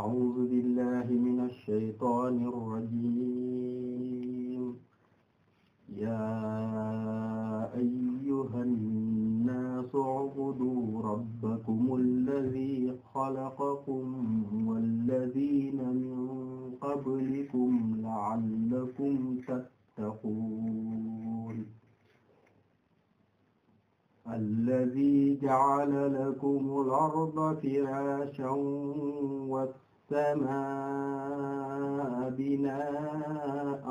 أعوذ بالله من الشيطان الرجيم يا أيها الناس اعبدوا ربكم الذي خلقكم والذين من قبلكم لعلكم تتقون الذي جعل لكم الأرض فراشا السماء بناء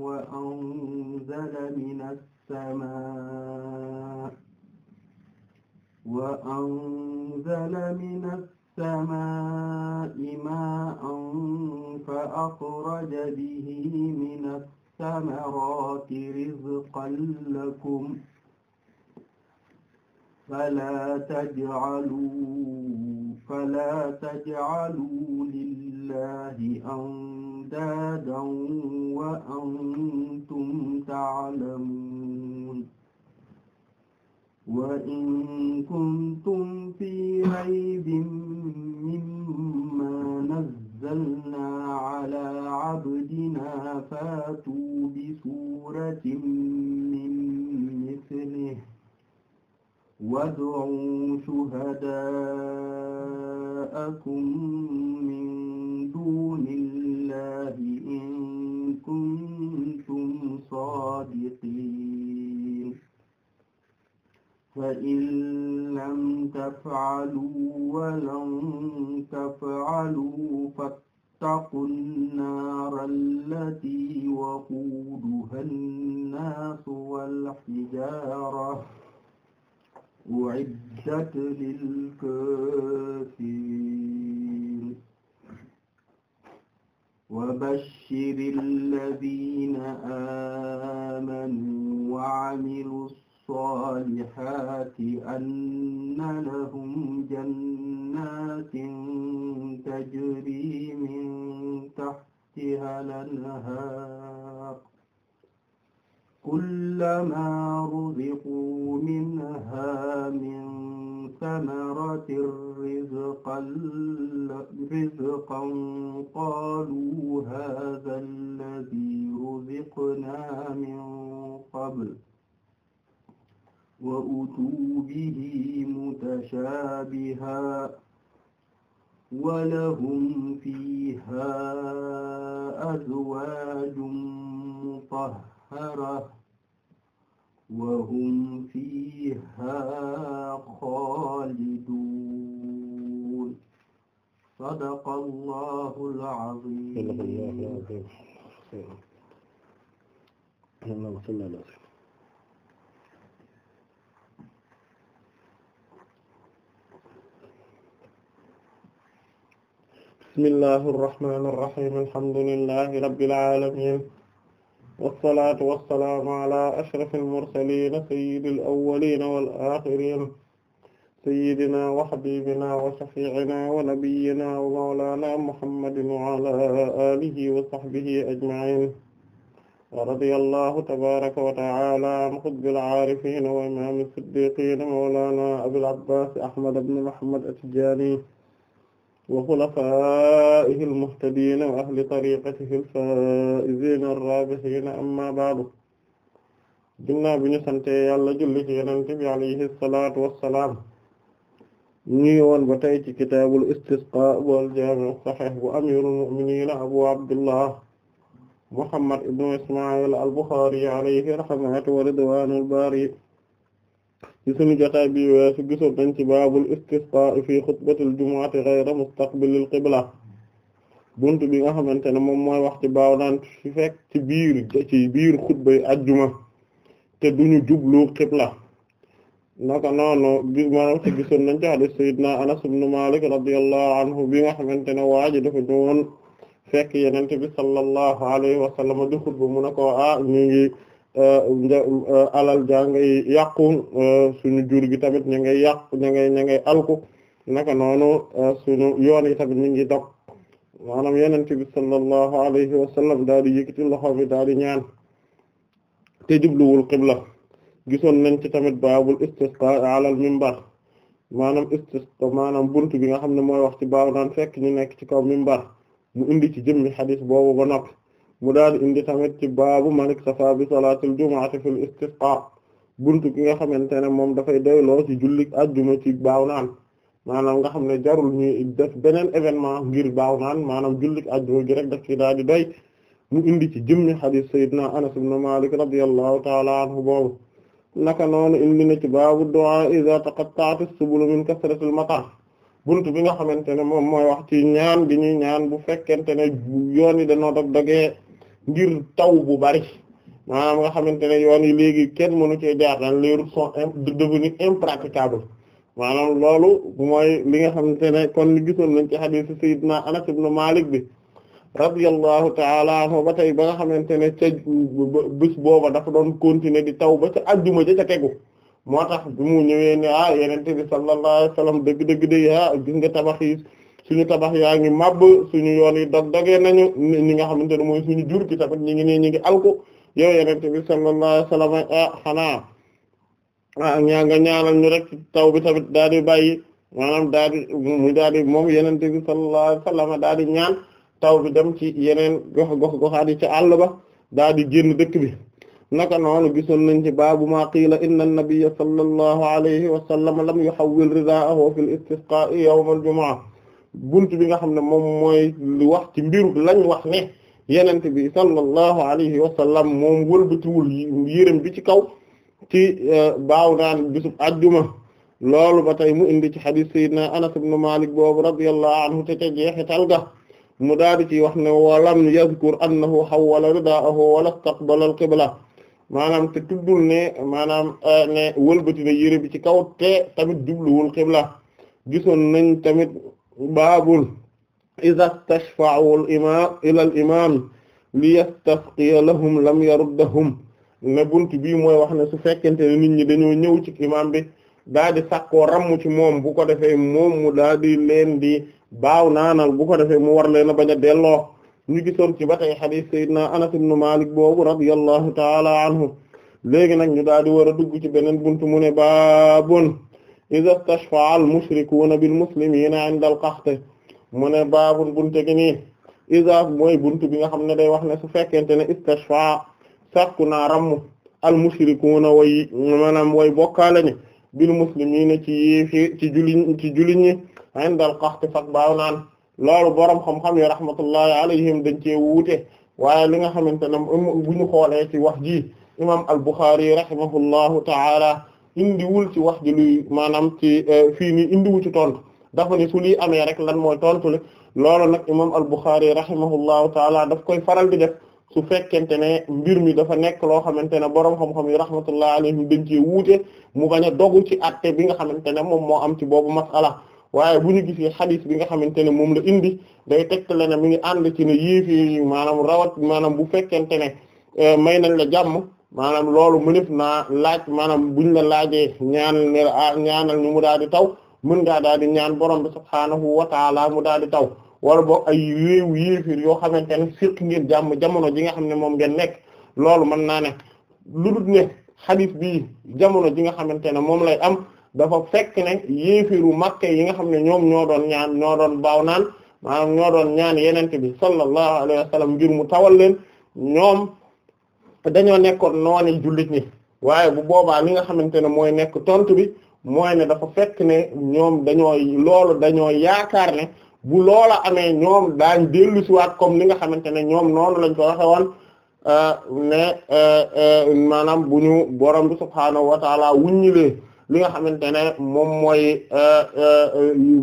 وأنزل من السماء وأنزل من السماء ماء فأخرج به من الثمرات رزقا لكم فلا تجعلوا فلا تجعلوا لله أندادا وأنتم تعلمون وإن كنتم في ريب مما نزلنا على عبدنا فاتوا بسورة من مثله وادعوا شهداءكم من دون الله إن كنتم صادقين فإن لم تفعلوا ولن تفعلوا فاتقوا النار التي وقودها الناس والحجارة u'iddat lil kaafiriin wa bashshiril laziina aamanuu wa 'amilus saalihaati anna lahum jannaatin tajrii min tahtihaa al-anhaar كلما رزقوا منها من ثمرة رزقا رزقا قالوا هذا الذي رزقنا من قبل وأتوا به متشابها ولهم فيها أزواج مطهرة سحرة وهم فيها خالدون صدق الله العظيم صدق الله العظيم اللهم صل على سيدنا بسم الله الرحمن الرحيم الحمد لله رب العالمين wasalaatu wasalaam ala ashrafil mursaliin sayyidil awwaliin wal aaxiriin sayyidinaa wa habiibinaa wa shafii'inaa wa nabiyyinaa wa mawlaanaa muhammadin wa alaa aalihi wa sahbihi ajma'iin wa radiyallaahu tabaaraka wa ta'aalaa an qutbil aarifiin wa imaamil siddiiqiin mawlaanaa abil abbaas ahmad ibn muhammad at-tijaani wa xulafaa'ihi al-muhtadiina wa ahli tariiqatihi al-faa'iziina ar-raabihiina ammaa ba'du ginnaaw bi ñu sante yàlla julli ci Yonent bi alayhi salaatu wa salaam ñu woon ba tey ci kitaabul istisqaa wal jaami' as-sahiih bu amiirul mu'miniina abu abdullah muhammad ibnu isma'il al-Buxaari alayhi rahmatu wa ridwaanul baari ci sunu jotaay bi weesu gisoon nañ ci baabul istisqaa fi xutbatil jumu'ati ghayra mustaqbilil qibla buntu bi nga xamante ne moom mooy wax baaw naan fi fekk ci biir ci biir xutbay ajjuma te duñu jublu qibla naka noonu bi maanaam ci gisoon nañ ci hadith sayyidina Anas ibn anhu bi nga xamante ne waa ji dafa fekk yenente bi sallallahu alayhi wa sallam di xutba mu ne ko ah ñu Eh, alal jaa ngay yàqu eh, suñu jur gi tamit ña ngay yàqu ña ngay ña ngay alku naka noonu eh, suñu yoon yi tamit ñu ngi dog maanaam yonent bi sallallahu alayhi wa sallam daal di yëkkati loxo bi daal di ñaan te jubluwul qibla gisoon nañ ci tamit baabul istisqa alal mimbar maanaam istisqa maanaam buntu bi nga xam ne mooy wax ci baaw naan fekk ñu nekk ci kaw mimbar mu indi ci jëmmi xadis boobu ba noppi mu daal di indi tamit ci baabu manik safa bi salaatul jumaati fil istisqa buntu nga xamante ne moom dafay doyloo ci julli ajjuma ci baaw naan maanaam nga xam ne jarul ñuy beneen événement ngir baaw naan maanaam julli ajjuma gi rek daf ci daal di mu indi ci jëmmi hadith sayyidina anas ibn malik radiyallahu ta'ala anhu boobu naka noonu indi na ci baabu du'a idha taqatta'at as-subul min kasrati al-matar bi nga xamante ne moom mooy wax ci ñaan gi ñuy ñaan bu fekkente ne yoon yi dañoo dog dogee ngir taw bu bari maanaam nga xamante ne yoon yi léegi kenn mënu cee jaaxal les routes sont devenues impraticables maanaam loolu mooy li nga xamante ne kon ni gisoon nañ ci xadiisu Seydina Anas ibn Malik bi radiyallahu taala anhu ba tey ba nga xamante ne ca bés booba dafa doon continuer di taw ba ca àjjuma ja ca tegu moo tax mu ñëwee ne ah yenente bi sallallahu alayhi wasallam dëgg-dëgg day ah gis nga tabax suñu tabax yaa ngi màbb suñu yoon yi dog dogee nañu ñi nga xamante ne mooy suñu jur gi tamit ñi ngi ni ñi ngi alku yow yenente bi sallallahu alayhi wasallam ah xanaa ah ñaa taw bi tamit daal di bàyyi maanaam daal di mu daal di moom yenente bi sallallahu alayhi wasallam daal di ñaan taw bi dem ci yeneen gox ci àll ba daal di génn dëkk bi naka noonu gisoon nañ ci baabu maa qiila inna an-nabiyya sallallahu alayhi wa sallam lam yuhawwil ridaahu fil istisqaa'i yawm al buntu bi nga xam ne moom mooy lu wax ci mbiru lañ wax ne yenente bi sallallahu alayhi wa sallam moom wëlbatiwul yërëm bi ci kaw ci euh, baaw naan bisub ajjuma loolu ba tey mu indi ci xadis sayyidina anas ibn malik boobu radiyallahu anhu te ca jeexital ga mu daadi ci wax ne walam yazkur annahu hawwala ridaahu wala istaqbala al qibla maanaam te tuddul ne maanaam euh, ne wëlbati na yërëm bi ci kaw te tamit jubluwul qibla gisoon nañ tamit baabul iza stashfa'u imaam ila al imaam li yastasqiya lahum lam yaruddahum ne bunt bii mooy wax ne su fekkente ne nit ñi dañoo ñëw ci imaam bi daa di sakkoo ramm ci moom bu ko defee moom mu daa di leen di baaw naanal bu ko defee mu war leen a bañ a delloo ñu gisoon ci ba tey xadiis Seydina Anas ibn Malik boobu radiyallahu taala anhu léegi nag ñu daa di war a dugg ci beneen bunt mu ne baabon iza stashfa'a al-mushrikuuna bil-muslimiina 'inda al-qaxt mu ne baabun bunte gi nii iza mooy buntu bi nga xam ne day wax ne su fekkente ne istashfa'a sakku naa ramm al-mushrikuuna way maanaam way bokkaale ni bil-muslimiina ci yéefi ci julli ci julli ñi 'inda al-qaxt fak baaw naan loolu borom xam-xam yi rahmatullahi alayhim dañ cee wuute waaye li nga xamante ne bu ñu xoolee ci wax ji imaam al-Bukhari rahimahullahu ta'ala indiwul ci wax ji luy maanaam ci euh, fii nii indiwul ci tontu dafa ni su lii amee rek lan mooy tontu li loolu nag imam al-Bukhari rahimahullahu taala daf koy faral di def su fekkente ne mbir mi dafa nekk loo xamante ne boroom xam-xam yi rahmatullahi alayhim dañ cee wuute mu bañ a dogu ci atte bi nga xamante ne moom moo am ci boobu masala waaye bu ñu gisee xadis bi nga xamante ne moom la indi day tegtale ne mi ngi ànd ci ne yéefii maanaam rawat maanaam bu fekkente ne euh, may nañ la jàmm maanaam loolu mënef naa laaj maanaam buñ la laajee ah, ñaanal ne ñaanal mu daal di taw mën ngaa daal di ñaan borom bi subhaanahu wa taala mu daal di taw wala boog ay réewu yéefir yoo xamante ne fiq ngeen jàmm jamono ji nga xam ne moom ngeen nekk loolu mën naa ne lu dul ne jamono ji nga xamante ne moom lay am dafa fekk ne yéefiru Makka yi nga xam ne ñoom ñoo doon ñaan ñoo doon baaw naan maanaam ñoo doon ñaan yenente bi sallallahu alayhi wa ngir mu tawal leen ñoom dañoo nekkoon nooni jullit ñi waaye bu boobaa li nga xamante ne mooy nekk tontu bi mooy ne dafa fekk ne ñoom dañoo loolu dañoo yaakaar ne bu loola amee ñoom daañ dellu siwaat comme li nga xamante ne ñoom noonu lañ ko waxe woon euh, ne euh, euh, maanaam bu ñu borom bi subhaanahu wa taala wuññilee li nga xamante ne moom mooy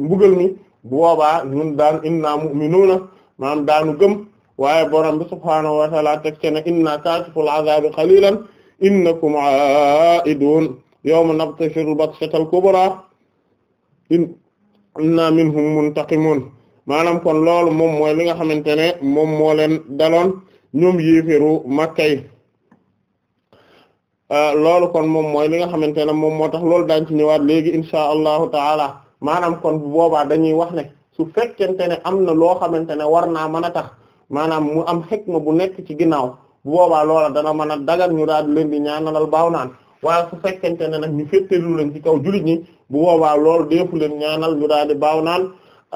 mbugal mi boobaa ñun daan inna mu'minuuna maanaam daanu gëm waaye borom bi subhaanahu wa ta'ala teg ci ne inna kaashiful azaabi qaliilan innakum aa'iduun yawma nabtashirul batshatal kubraa inna minhum muntaqimuun maanaam kon loolu moom mooy li nga xamante ne moom moo leen daloon ñoom yéeféru makkay euh, loolu kon moom mooy li nga xamante ne moom moo tax loolu daañ ci ñëwaat léegi insha allahu taala maanaam kon bu boobaa dañuy wax ne su fekkente ne am na loo xamante ne war naa mën a tax maanaam mu am xikma bu nekk ci ginnaaw bu boobaa loola dana mën a dagan ñu daal leen di ñaanalal baaw naan waaye su fekkente ne nag ñu féttelu leen ci kaw jullit ñi bu boobaa loolu deefu leen ñaanal ñu daal di baaw naan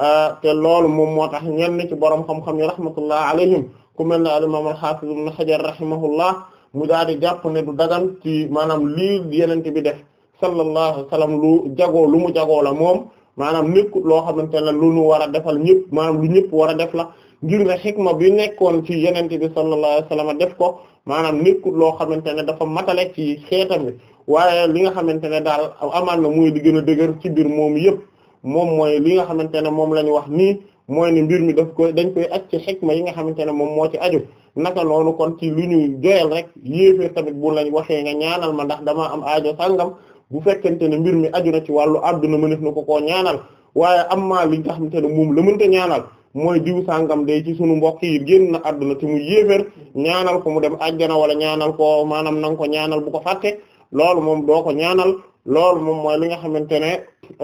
euh, te loolu moom moo tax ñenn ci borom xam-xam yi rahmatullah alayhim ku mel ne al imam al hafiz ibn hajar rahimahullah mu daal di jàpp ne du dagan ci maanaam lii yenente bi def sallallahu alayhi wa sallam lu jagoo lu mu jagoo la moom maanaam nekkul loo xamante ne lu ñu war a defal ñëpp maanaam lu ñëpp war a def la ngir ne xikma bi nekkoon ci yeneen bi sallallahu alayhi wa sallam def ko maanaam nekkul loo xamante ne dafa matale ci xeetam bi waaye li nga xamante ne daal amaan na muy di gën a dëgër ci biir moom yëpp moom mooy li nga xamante ne moom la ñu wax nii mooy ne mbir mi daf koy dañ koy aj ci xikma yi nga xamante ne moom moo ci aju naka noonu kon ci lu ñuy joyal rek yéefee tamit bu lañ waxee nga ñaanal ma ndax damaa am aajo sàngam bu fekkente ne mbir mi aju na ci wàllu àdduna mëneef na ko koo ñaanal waaye am maa li nga xamante ne moom la mënta ñaanal mooy diw sàngam day ci sunu mbokk yi génn na adduna te mu yéefér ñaanal ko mu dem ajjana wala ñaanal ko maanaam na nga ñaanal bu ko fàtte loolu moom doo ko ñaanal loolu moom mooy li nga xamante ne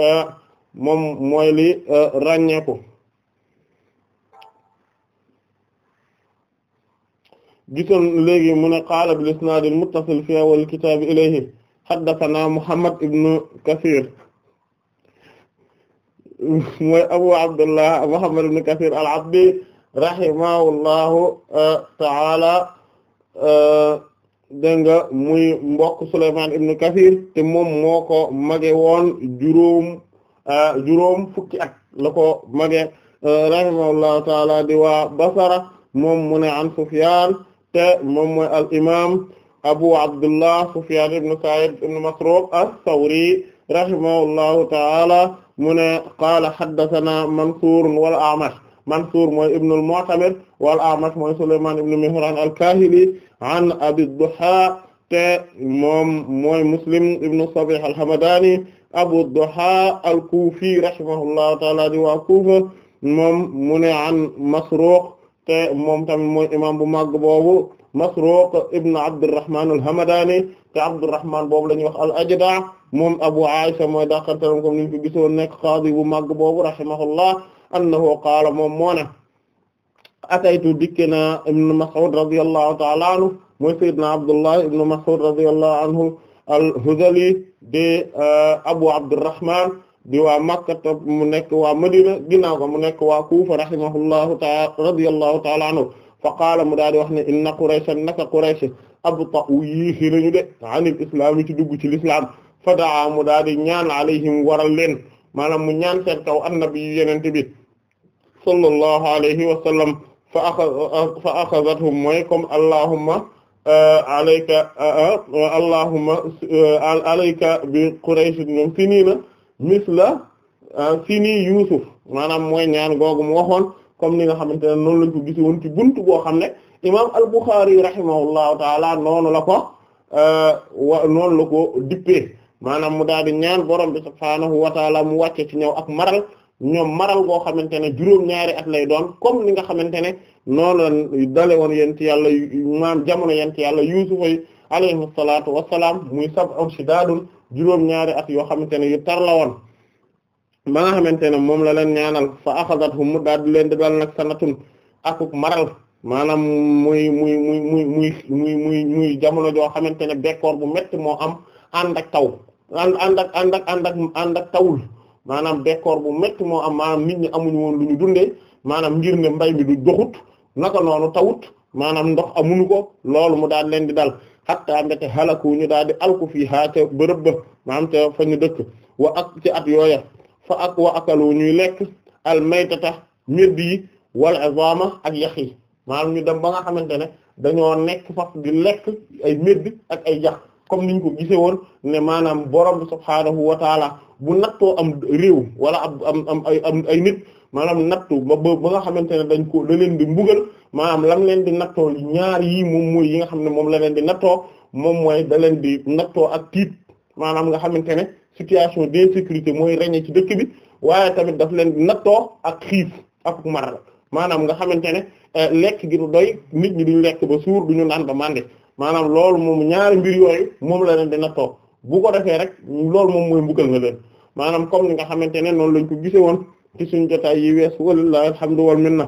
euh, moom mooy li euh, ràññeeku gisoon léegi mu ne qaala bil isnaadil muttasil fi awwal kitaabi ilayhi haddathana Muhammad ibn Kathir mooy Abu Abdullah Muhammad ibn Kathir al-Abdi rahimahullahu euh, ta'ala euh, dégg muy mbokk Souleymane ibn Kathir te moom moo ko mage woon juróom euh, fukki at la ko mage rahimahullahu ta'ala di waa moom mu an Sufyan te moom mooy al imam Abu Abdullah Sufyan ibn Sa'id ibn Masruq as-Sawri rahimahullahu ta'ala mu ne qaala haddathana Mansuur wal A'mash Mansuur mooy ibn al-Mu'tamir wal A'mash mooy Sulaymaan ibn Mihraan al-Kaahili an Abi Duhaa te moom mooy Muslim ibn Sabiih al-Hamdaani Abu Duhaa al-Kuufi rahimahullahu ta'aala di waa Kuufa moom mu ne an Masruuq te moom tamit mooy imaam bu mag boobu Masruq ibn Abdurrahman al-Hamadani te Abdurrahman boobu la ñuy wax al-Ajda' moom Abu Aisha mooy dàqantalam comme ni ñu ko gisoon nekk qaadi bu màgg boobu rahimahullah annahu qaala moom moo ne ataytu dikke na ibn Mas'ud radiyallahu ta'ala anhu mooy sayyidna Abdullah ibn Mas'ud radiyallahu anhu al-Hudhali de uh, Abu Abdurrahman di waa Makka mu nekk waa Madina ginnaaw ko mu nekk waa Kufa rahimahullahu ta'ala radiyallahu ta'ala anhu fa qaala mu daal di wax ne inna Qurayshan naka Quraysh abta'u yéexi nañu de anil islam yi ci dugg ci l'islam fa daal di ñaan alayhim waral leen maanaam mu ñaan seen kaw annabi yeneen bi sallallahu alayhi wa sallam fa akhadha fa akhadhathum mooy comme allahumma euh, alayka euh, euh, allahumma alayka bi Quraysh ñoom finiina misla fini Yusuf maanaam mooy ñaan googu mu comme ni nga xamante ne noonu lañ ko gisi woon ci buntu boo xam ne imam al-Bukhari rahimahullahu taala noonu la ko euh, wa noonu la ko dippee maanaam mu daal di ñaan borom bi subhaanahu wa taala mu wàcce ci ñëw ak maral ñoom maral goo xamante ne juróom-ñaari at lay doon comme ni nga xamante ne noonu la dale woon yent yàlla maam jamono yent yàlla yuusufa yi alayhi salaatu wassalaam muy sab'un shidaadun juróom-ñaari at yoo xamante ne yu tar la woon ba nga xamante ne moom la leen ñaanal fa axadathum mu daal di leen de dal nag sanatun akuk maral maanaam muy muy muy muy muy muy jamono joo xamante ne bekkoor bu metti moo am ànd ak taw ànd ànd ànd ak tawul maanaam bekkoor bu metti moo am maanaam nit ñi amuñu woon lu ñu dundee maanaam njir ne mbay mi du doxut naka noonu tawut maanaam ndox amuñu ko loolu mu daal leen di dal hatta mbete halaku ñu daal di alku fii ha ca bërëb ba maanaam ca fa ñu dëkk wa ak ci at yooya fa ak wa akalu ñuy lekk al maytata médd yi wal izama ak yax yi maanaam ñu dem ba nga xamante ne dañoo nekk faf di lekk ay médd ak ay jax comme niñ ko gisee woon ne maanaam borom bi subhaanahu wa taala bu nattoo am réew wala ab am am ay am ay nit maanaam nattu ba ba nga xamante ne dañ ko da leen di mbugal maanaam lam leen di nattoo ñaar yii moom mooy yi nga xam ne moom la leen di nattoo moom mooy da leen di nattoo ak tiit maanaam nga xamante ne situation de d'insécurité mooy régner ci dëkk bi waaye tamit daf leen nattoo ak xiif ak mar maanaam nga xamante ne eh, lekk gi du doy nit ñi duñ lekk ba suur duñu naan ba màndi maanaam lool moom ñaari mbir yooyu moom la leen di nattoo bu ko defee rek lool moom mooy mbugal nga leen maanaam kom ni nga xamante ne noonu lañ ko gise woon ci suñ jotaay yi wees walilahi alhamdu wal minna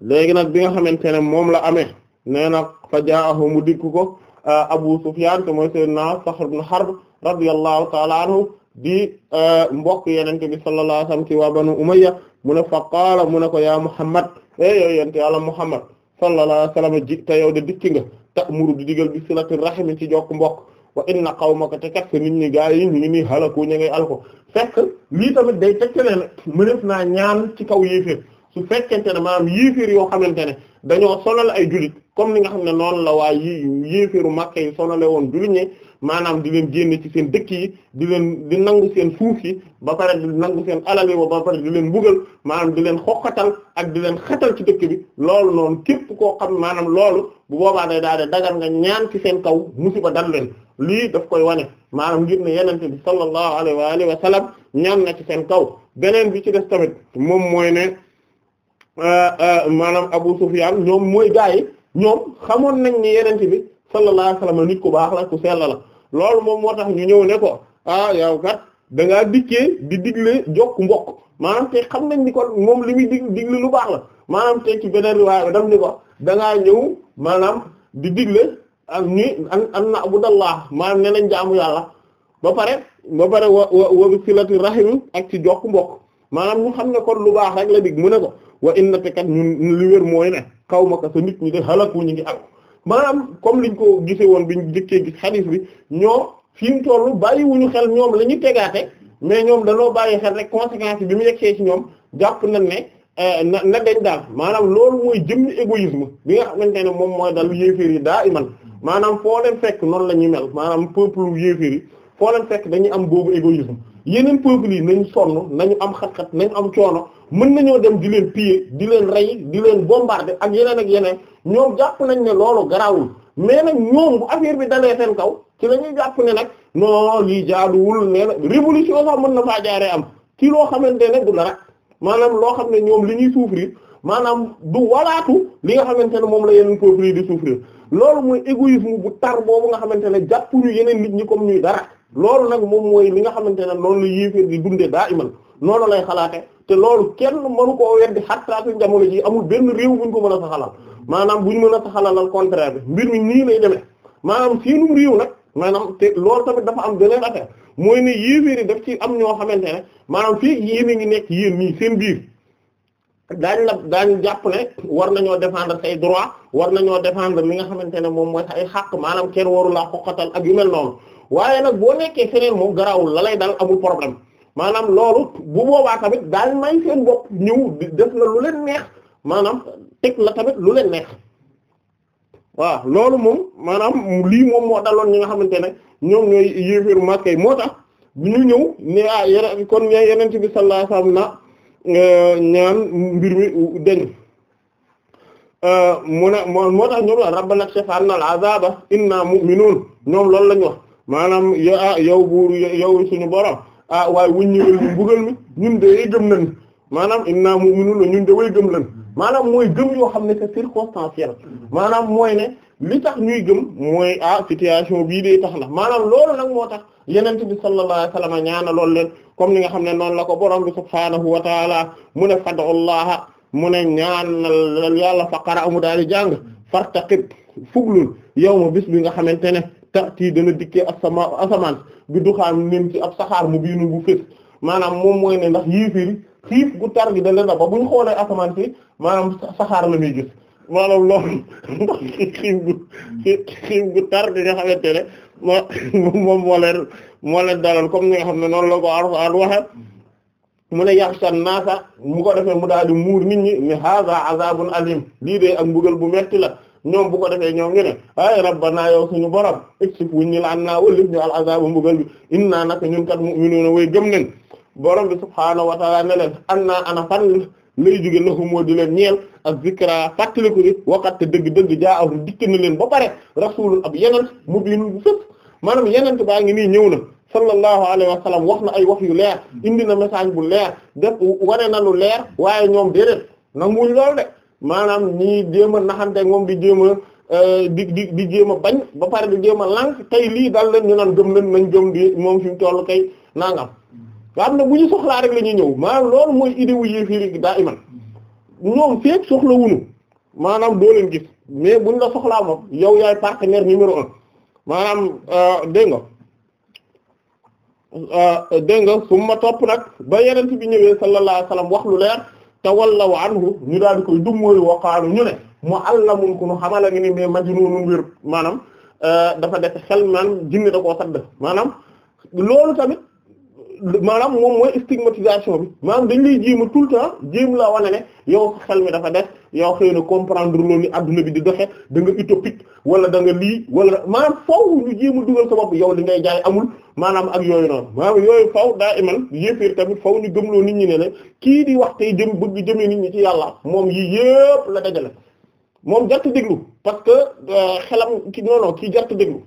léegi nag bi nga xamante ne moom la amee nee na fa jaahu mu dikk ko Euh, Abu Sufyan te mooy sayyidina Saxr ibn Harb radiyallahu ta'ala anhu di euh, mbokk Yonent bi sallallahu alayhi wa sallam ci waa Banu Umayya mu ne fa qaala mu ne ko yaa Muhammad eh yow yonent Yàlla Muhammad sallallahu alayhi wa sallam ji te yow di dikki nga ta'muru di digal bi silati rahimi ci jokk mbokk wa inna qawmaka te kat sa nit ñi gaa yi ñu ngi nii halaku ñu ngay alko fekk lii tamit day tegtale ne mëneef naa ñaan ci kaw yéeféer su fekkente ne maanaam yéeféer yoo xamante ne dañoo solal ay jullit comme ni nga xam ne noonu la waa yi yéeféeru Makka yi solale woon jullit ñi maanaam di leen génne ci seen dëkk yi di leen di nangu seen suuf yi ba pare di nangu seen alal yi ba pare di leen mbugal maanaam di leen xoqatal ak di leen xatal ci dëkk bi loolu noonu képp koo xam maanaam loolu bu boobaa day daal de dagar nga ñaan ci seen kaw musiba dal leen lii daf koy wane maanaam ngir ne yenente bi sallallahu alayhi wa alihi wa ñaan na ci seen kaw beneen bi ci des tamit moom mooy ne Euh, euh, maanaam Abu Sufyan ñoom mooy gaay yi ñoom xamoon nañ ni yeneen bi sallallahu alayhi wa sallam nit ku baax la ku sell la loolu moom moo tax ñu ñëw ne ko ah yow kat da dikkee di digle jokk mbokk maanaam te xam nañ ni kon moom li muy dig digle lu baax la maanaam te ci beneen riwaaya dam ni ko da ñëw maanaam di digle ak ñi an na abudallah maanaam ne nañ jaamu yàlla ba pare ba pare wa wa wa silati rahim ak ci jokk mbokk maanaam ñu xam ne kon lu baax rek la dig mu ne ko wa inna te kat ñun li wér mooy ne xaw ma ko sa nit ñi de wu ñu ngi ak maanaam comme liñ ko gisee woon biñ jëkkee gis xadiis bi ñoo fi mu tollu bàyyiwuñu xel ñoom la ñuy tegaate mais ñoom danoo bàyyi xel rek conséquence bi mu yegsee ci ñoom jàpp nañ ne eh, na na dañ daal maanaam loolu mooy jëmmi égoïsme bi nga xamante ne moom mooy dal yéeféer yi daa iman maanaam foo leen fekk noonu la ñuy mel maanaam peuple yéeféer yi foo leen fekk dañuy am boobu égoïsme yeneen peuples yi nañu sonn nañu am xat-xat nañu am coono mën nañoo dem di leen piller di leen rey di leen bombarder ak yeneen ak yeneen ñoom jàpp nañ ne loolu garaawul mais nag ñoom bu affaire bi dalee seen kaw ci la ñuy jàpp ne nag non lii jaaduwul nee na révolution sax mën na faa jaaree am ci loo xamante ne du dara maanaam loo xam ne ñoom li ñuy souffrir maanaam du walaatu li nga xamante ne moom la yeneen peuples yi di souffrir loolu mooy égoïsme bu tar boobu nga xamante ne jàppuñu yeneen nit ñi comme ñuy dara. loolu nag moom mooy li nga xamante ne noonu la yéeféer di dundee daa iman noonu lay xalaate te loolu kenn mënu koo weddi xattaa suñ jamono ji amul benn réew buñ ko mën a saxalal maanaam buñ mën a saxalalal contraire bi mbir mi nii lay demee maanaam seenum réew nag maanaam te loolu tamit dafa am beneen affaire mooy ne yéeféer daf ci am ñoo xamante ne maanaam fii yéen a ngi nekk yéen nii seen biir daañ la daañ jàpp ne war nañoo défendre say droit war nañoo défendre li nga xamante ne moom mooy ay xàq maanaam kenn waru laa xoqatal ak yu mel waaye nag boo nekkee feneen moom garawul la lay dal amul problème maanaam loolu bu boobaa tamit daal may seen bopp ñëw def la lu leen neex maanaam teg la tamit lu leen neex waaw loolu moom maanaam lii moom moo daloon ñi nga xamante ne ñoom ñooy yéeféeru Makka moo tax ñu ñëw ne ah yeneen kon ña yeneen bi sallallahu alayhi na euh, mbir mi deñ euh, mu ne moo tax ñoom la rabbana kshif anna ñoom loolu lañu wax maanaam ah, yow buur yow suñu borom ah waaye wuññiwul ñu mbugal mi ñun de way gëm lan maanaam inna mu'minun ñun de way maanaam mooy gëm yoo xam ne c'est circonstanciel maanaam mooy ne li tax ñuy gëm mooy a ah, situation bii de tax na maanaam loolu nag moo tax yenente bi sallallahu alayhi a ñaana lool leen comme ni nga xam ne noonu la ko borom bi subhaanahu wa taala mu ne fad'ullaha mu ne ñaanal yàlla faqara amu daal di jàng fartaqib fuglul yow ma bis bi nga xamante ne taati dana dikkee asama asamaan bi duxaan nen ci ab saxaar mu biinu bu fés maanaam moom mooy ne ndax yéeféeri xiif gu tar gi da leen a ba bu ñu xoolee asamaan si maanaam saxaar la ñuy gis maanaam loolu ndax xiif gu tar gi nga xamante ne moo leen moo leen dalal comme ni xam ne noonu la ko Alxuraan waxe mu ne yaxsan naasa mu ko defee mu daal di muur nit ñi ne haza azabun alim lii ak mbugal bu metti la ñoom bu ko defee ñoom ñu ne ay rabbana yow suñu borom exif wuñ ñu la an naa wallif ñu al azaba mbugal bi inna naka ñun kat mu'minuna way gëm nañ borom bi subhaanahu wa ta'ala ne leen an naa ana fan lay jóge laxum moo di leen ñeel ak zikra fàttaliku gi waqatte dëgg-dëgg jaa aw dikk na leen ba pare rasulul ab yeneen mu biinul bu sëpp maanaam yeneen baa ngi nii ñëw na sallallahu alayhi wa sallam wax na ay wax yu leer indi na message bu leer def wane na lu leer waaye ñoom déedéet nanguwuñ loolu de maanaam ñii jéem a naxante moom di jéem a euh, di di di jéem a bañ ba pare di jéem a lànk tey lii daal la ñu naan gëm nañ nañ gëm di moom fi mu kay nangam nga xam ne bu ñu soxlaa rek lañuy ñëw maanaam loolu mooy idée wu yéefiri daa iman ñoom feek soxla wunu maanaam doo leen gis mais buñ la soxlaa moom yow yaay partenaire numéro un maanaam euh, dégg nga euh, nga su ma topp nag ba yenent bi ñëwee sallallahu alayhi wasallam wax lu leer tawallaw anhu ñu daal di koy dummóoyu waqaalu ñu ne mu allamun ku nu xamala ngi ni mais majnunun wér maanaam euh, dafa def xel maanaam jinne da koo sadd maanaam loolu tamit maanaam moom mooy stigmatisation bi maanaam dañ lay jéem a tout le temps jéem la wane ne yow xel mi dafa def yow xëy na comprendre loolu ni adduna bi di doxe da nga utopique wala da lii wala maanaam faww ñu jéema dugal ko bopp yow li ngay jaay amul maanaam ak yooyu noonu maanaam yooyu faww daa imal yéeféer tamit faww ñu gëmloo nit ñi ne ne kii di wax tey jëm bëgg jëmee nit ñi ci yàlla moom yi yépp la dajale moom jart déglu parce que euh, xelam ki non non kii jart déglu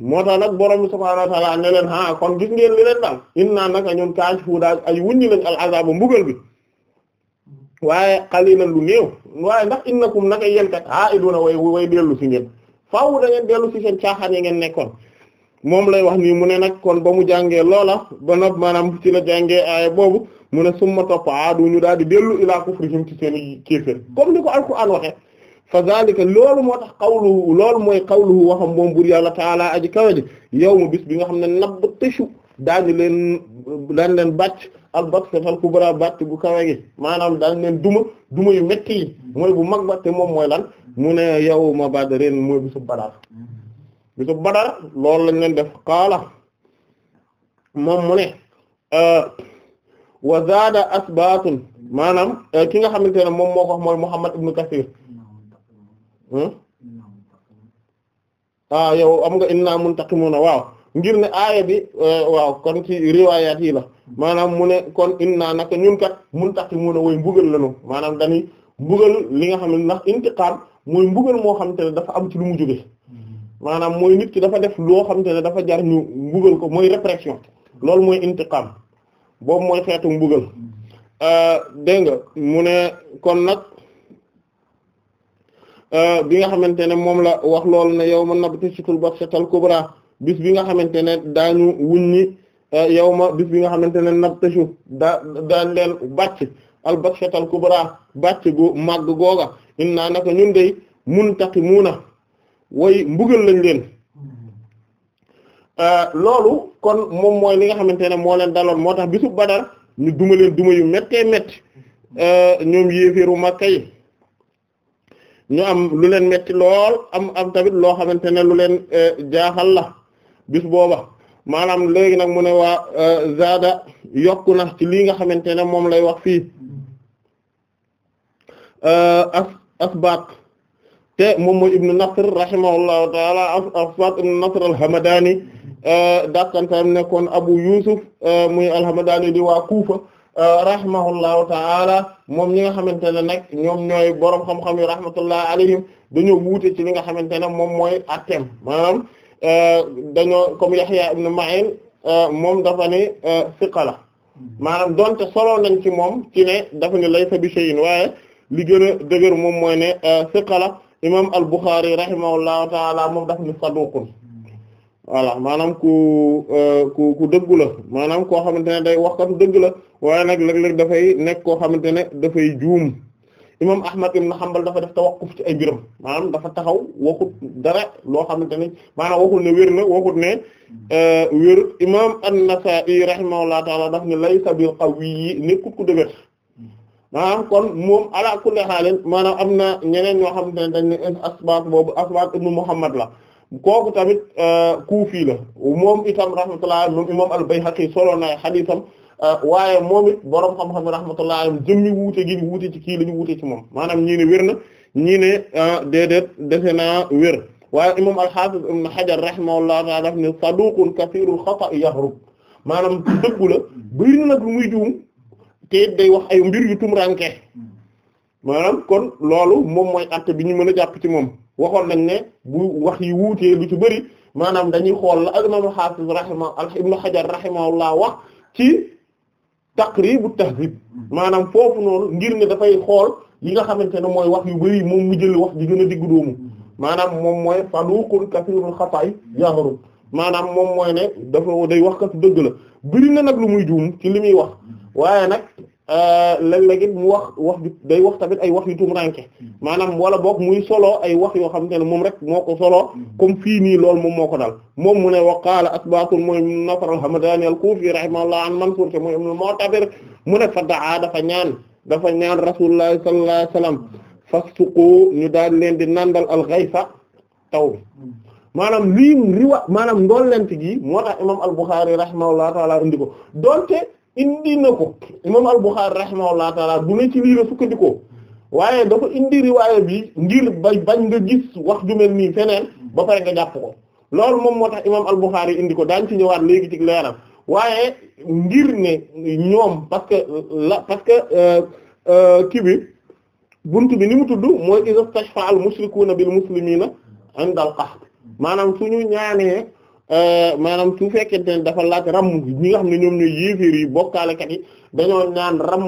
moo tax nag borom bi subhaanahu wa ta'aala ne leen ah kon gis ngeen li leen daal inna naka ñun kaashifuuna daal ay wuññi lañ al azaaba mbugal bi waaye qaliilan lu néew waaye ndax innakum naka yéen kat aa'iduuna way way dellu si ngeen faaw da ngeen dellu si seen caaxaan ya ngeen nekkoon moom lay wax ni mu ne nag kon ba mu jàngee loola ba nopp maanaam ci la jàngee aaya boobu mu ne summa topp aadu ñu daal di dellu ilaa kufrihim ci seen kéefër comme ni ko alxuraan waxee. fa zalika loolu moo tax qawluhu loolu mooy qawluhu waxam moom bur yàlla taalaa aji kawe ji yawma bis bi nga xam ne nabb tëchu daañu leen daañu leen bàcc albatsatal kubra bàcc bu kawe gi maanaam daañu leen duma duma yu metti yi mooy bu mag ba te moom mooy lan mu ne yawma badrin mooy bisu badar bisu badar loolu lañ leen def qaala moom mu ne euh, wa zaada asbatun maanaam euh, ki nga xamante ne moom moo ko wax Muhammad ibn Kathir Hmm? ah yow am nga inna na waaw ngir ne aaya bi eh, waaw kon ci riwaayaat yi la maanaam mu ne kon inna naka ñun kat muntaqimuna way mbugal lañu maanaam dañuy mbugal li nga xam ne ndax intiqaam mooy mbugal moo xam te ne dafa am ci lu mu jóge hmm. maanaam mooy nit ki dafa def loo xam te ne dafa jar ñu mbugal ko mooy répression loolu mooy intiqaam boobu mooy xeetu mbugal hmm. eh, dégg nga mu ne kon nag Euh, bi nga xamante ne moom la wax loolu ne yawma nabtishitul batshatal kubra bis bi nga xamante ne daañu wuññi euh, yawma bis bi nga xamante ne nabtashu daa daañ leen bàcc al kubra bàcc gu màgg googa inna naka ñun dey muntaqimuuna way mbugal lañ leen euh, loolu kon moom mooy li nga xamante ne moo leen daloon moo tax bisu Badar ñu duma leen duma yu méttee métti ñoom yéeféeru Makka yi ñu am lu leen metti lool am am tamit loo xamante ne lu leen eh, jaaxal la bis booba maanaam léegi nag mu ne waa eh, zaada yokku na ci lii nga xamante ne moom lay wax fii eh, as asbaat te moom mooy ibnu Nasr rahimahullahu taala asbaat ibnu Nasr al-Hamadani dàkantam nekkoon Abu Yusuf muy al-Hamadani di waa Kufa Euh, rahimahullahu ta'ala moom ñi nga xamante ne nag ñoom ñooy borom xam-xam yi rahmatullahi alayhim dañoo wuute ci li nga xamante ne moom mooy atteem maanaam euh, dañoo comme Yahya ibn Ma'in euh, moom dafa ne siqa la maanaam donte solo nañ ci moom ci ne dafa ne laysa bi shay'in waaye li gën a moom mooy ne siqa la imaam al-Bukhari rahimahullahu ta'ala moom dafa ne saduqun voilà maanaam ku euh, ku ku dëggu maanaam koo xamante ne day waxkatu dëgg la waaye nag léeg-léeg dafay nekk koo xamante ne dafay juum imam Ahmad na xambal dafa def tawaqquf ci ay mbiram maanaam dafa taxaw waxut dara loo xamante ne maanaam waxut ne wér na waxut ne euh, wérut imam An-Nasa'i rahimahullahu ta'ala daf ne laysa bil qawiyyi nekkut ku dëgër maanaam kon moom ala kulli haal maanaam am na ñeneen ñoo xamante ne dañ ne asbaat boobu asbaat ibn Muhammad la kooku tamit euh, kuufi la moom itam rahmatullah moom imam al-Bayhaqi solo na xadiisam euh, waaye moom it boroom xam-xam rahmatullah jëmmi wuute gi wuute ci kii la ñu wuute ci moom maanaam ñii ne wér na ñii ne euh, déedéet defe naa wér waaye imam al-Hafiz ibn Hajar rahimahullahu ta'ala daf ne saduqun kathirul xata'i yahrub maanaam dëggu la bëri na nag lu muy juum te it day wax ay mbir yu tumranke maanaam kon loolu moom mooy àtte bi ñu mën a jàpp ci moom waxoon nañ ne bu wax yi wuutee lu ci bëri maanaam dañuy xool la al imam al-Hafiz rahima ibnu Hajar rahimahullah wax ci taqribu tahdhib maanaam foofu noonu ngir ne dafay xool yi nga xamante ne mooy wax yu bëri moom mu jël wax di gën a diggu doomu maanaam moom mooy saduqul kasirul xapaay yahrub maanaam moom mooy ne dafa day wax kat dëgg la bëri na nag lu muy juum ci li muy wax waaye nag Euh, léeg-léeg it mu wax wax day wax tamit ay wax yu tumuranke maanaam wala boog muy solo ay wax yoo xamante ne moom rek moo ko solo comme fii lool loolu moo ko dal moom mu ne wa qaala asbatul mooy Nafar al-Hamdani al-Kufi rahimahullah an Mansur te mooy ibn mu fa daa dafa ñaan dafa ñaan Rasulullah sallallahu alayhi wasallam fasqu ñu daal leen di nandal al-ghaytha taw bi maanaam lii riwa maanaam ndollent gi moo tax imam al-Bukhari rahimahullah ta'ala indi indi na ko imam al-Bukhari rahimahullahu taala du ne ci lii la sukkandikoo waaye dafa indi riwaaya bi ngir ba bañ nga gis wax ju nii feneen ba pare nga jàpp ko loolu moom moo tax imam al indi ko daañ ci ñëwaat léegi ci leeral waaye ngir ne ñoom parce que la parce que euh, euh, kii bi buntu bi ni mu tudd mooy istashfa al mushrikuuna bil muslimiina inda al qahd maanaam suñu ñaanee Euh, maanaam su fekkente ne dafa laaj ramm ñi nga xam ne ñoom ñooy yéeféer yi bokkaalekat yi dañoo ñaan ramm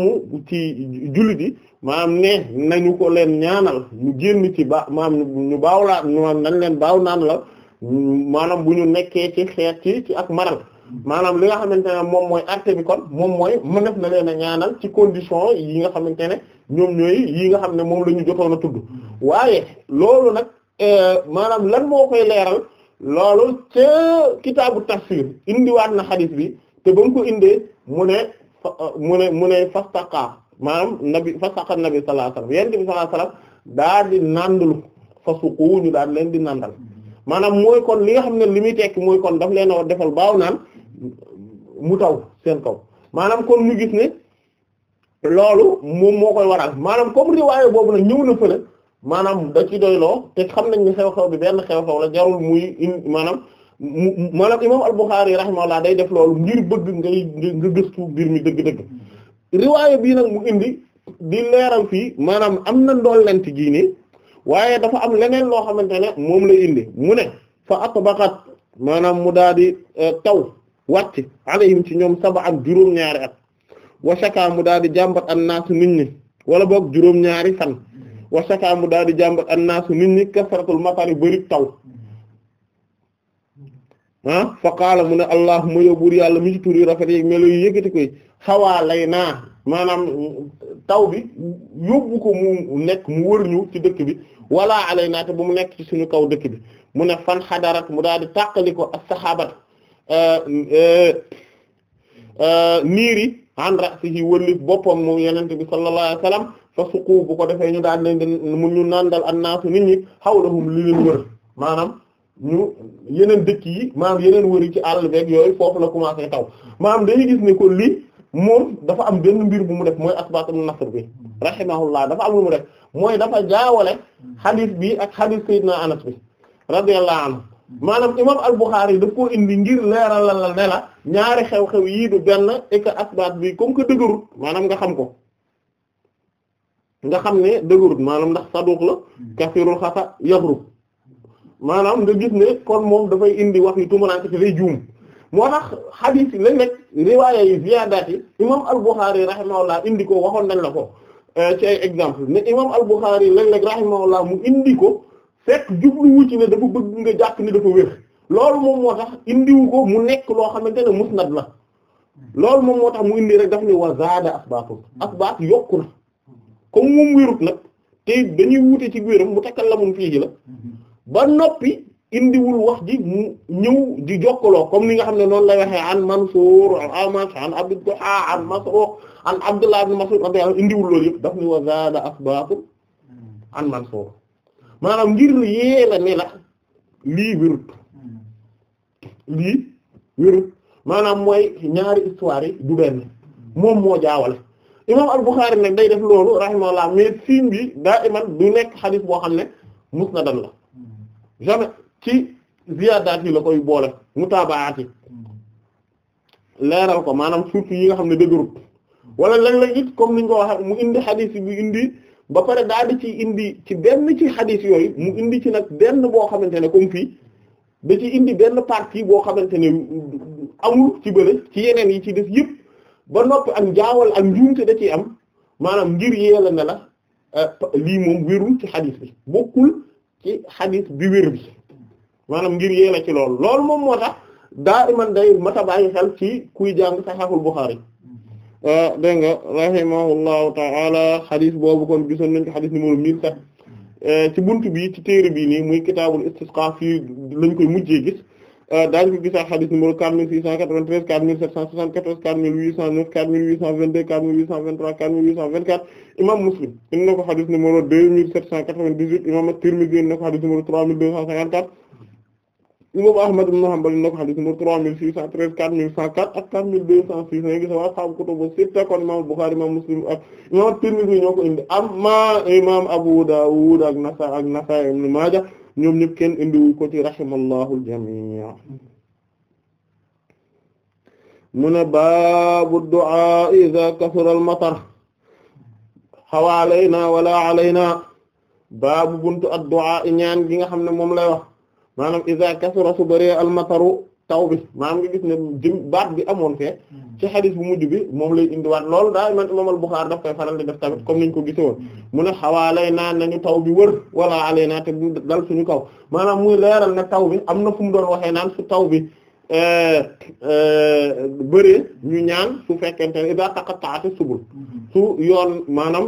ci jullit yi maanaam ne nañu ko leen ñaanal ñu génn ci ba maam ñu baaw laa maanaam nañ leen baaw naan la maanaam bu ñu nekkee ci xeet ci ci ak maral maanaam li nga xamante ne moom mooy acte bi kon moom mooy mu na leen a ñaanal ci condition yi nga xamante ne ñoom ñooy nga xam ne moom la ñu jotoon a tudd waaye loolu nag euh, maanaam lan moo koy leeral loolu ca kitaabu tafsir indiwaat na xadis bi te ba ko indee mu ne euh, mu ne mu ne fastaqa maanaam nabi fastaqa nabi sallallahu alayhi wasallam yonent bi sallallahu daal di nandalu fasuqu ñu daal leen di nandal maanaam mooy kon li nga xam ne li muy tekki mooy kon daf leen a defal baaw naan mu taw seen kaw maanaam kon ñu gis ne loolu moom moo koy waral maanaam comme riwaaye boobu nag ñëw na fële. maanaam da ci doyloo te xam nañ ni xew-xew bi benn xew-xew la jarul muy maanaam maanaam imam al-Bukhari rahimahullah day def loolu ngir bëgg ngay nga gëstu mbir mi dëgg-dëgg riwaaye bii nag mu indi di leeral fii maanaam am na ndollent gii nii waaye dafa am leneen loo xamante ne moom la indi mu ne fa atbaqat maanaam mu daal di eh, taw wàcc alayhim ci ñoom saba sab'an juróom-ñaari at wa shaka mu daal di jàmbat an naas nit ñi wala boog juróom-ñaari fan wa saka mu daal di jàmbat annaasu nit ñi kasratul matari bëri taw ah fa qaala mu ne allahumma yow buur yàlla mi ci rafet yi melo yu yëkkati koy xawaa lay naa maanaam taw bi yóbbu ko mu nekk mu wër ñu ci dëkk bi wala alay naa te bu mu nekk ci suñu kaw dëkk bi mu ne fan xadarat mu daal di tàqali ko ak saxaabat eh, eh, eh, niir yi an ra'sihi wëlif boppam moom yenente bi sallallahu alayhi fa suqu bu ko defee ñu daan ne mu ñu naan nandal annaasu nit ñi xaw li leen wër maanaam ñu yeneen dëkk yi maanaam yeneen wëri ci àll beeg yooyu foofu la commencé taw maanaam dañuy gis ne ko lii moom dafa am benn mbir bu mu def mooy asbaat am nasr bi rahimahullah dafa am lu mu def mooy dafa jaawale xadis bi ak xadis sayyidina anas bi radiyallahu anhu maanaam imam al-Bukhari daf koo indi ngir leeralal la ne la ñaari xew-xew yii du benn et que asbaat bi comme que dëgërut maanaam nga xam ko nga xam ne dëgërut maanaam ndax saduq la hmm. kasirul xasa yagrub maanaam nga gis ne kon moom dafay indi wax yu tumuraanke ci lay juum moo tax xadiis yi lañ nekk riwaaya yi ziyaadaat yi imaam al-Bukhari rahimahullah indi ko waxoon nañ la ko eh, ci ay exemple ne imaam al-Bukhari léeg-léeg rahimahullah mu indi ko fekk jubluwu ci ne dafa bëgg nga jàpp ni dafa wér loolu moom moo tax indiwu ko mu nekk loo xamante ne musnad la hmm. loolu moom moo tax mu indi rek daf ni wa zaada asbaatu asbaat yokku na comme moom wérut nag te dañuy wute ci wéram mu takallamun fii la ba noppi indiwul wax ji mu ñëw di jokkaloo ni nga xam ne noonu lay waxee an Mansuur an Amash an Abdu Duha an Masruq an Abdullah ibn Mas'ud radiyallahu maanaam ngir lu yee la ne la lii wérut lii wérut maanaam mooy ñaari histoire yi du benn moom moo jaawale imam al-Bukhari nag day def loolu rahimahullah mais signe bi daa iman du nekk xadis boo xam ne musnadan la jamais ci ziyaadaat yi la koy boole mu taaba yi leeral ko maanaam surtout yi nga xam ne dëgërut wala léeg-léeg it comme ni ñu ko waxee mu indi xadis bi indi ba pare daal di ci indi ci benn ci xadis yooyu mu indi ci nag benn boo xamante ne comme fii da ci indi benn partie boo xamante ne amul ci bële ci yeneen yi ci des yépp ba noppi ak njaawal ak njuumte da ciy am maanaam ngir yeela ne la eh, lii moom wérul ci xadis bi bokkul ci xadis bi wér bi maanaam ngir yeela ci loolu loolu moom moo tax daa iman day mata bàyyi xel ci kuy jàng saxaxul Buxaari eh, dégg nga rahimahullahu taala xadis boobu kon gisoon nañ ko xadis numéro mille sept eh, ci bi ci téere bii nii muy kitaabul istisqa fii lañ koy mujjee gis Euh, daañu ko gisaa xadis numéro 4693 4774 4809 4822 4823 4824 imam Muslim indi na ko xadis numéro 2798 imam At-Tirmidhi indi na ko xadis numéro 3254 imam Ahmad ibn Hanbal indi na ko xadis numéro 3613 4104 ak 4206 ñu gis waa xam kutubu sitta kon imam Bukhari imam Muslim ak imam At-Tirmidhi ñoo ko indi amma imam Abu Dawud ak Nasa ak Nasa ibn Maaja ñoom ñëpp kenn indiwu ko ci rahimallahu jamii mu ne baabu du'a iza kasura al matar xawa alaynaa wala alaynaa baabu buntu ad du'a ñaan gi nga xam ne moom lay maanaam iza kasura su bëree al mataru taw bi maam nga gis ne jëm baat bi amoon fee hmm. ci xadis bu mu bi moom lay indiwaat lool daal man imam al-Bukhari daf koy faral di def tamit comme niñ ko gise woon hmm. mu ne xawaalay naa nañu taw bi wër wala alay naa te bu dal suñu kaw maanaam muy leeral ne taw bi am na fu mu doon waxee naan su taw bi eh, eh, bëree ñu ñaan su fekkente ne ida taqatta'at subul hmm. yoon maanaam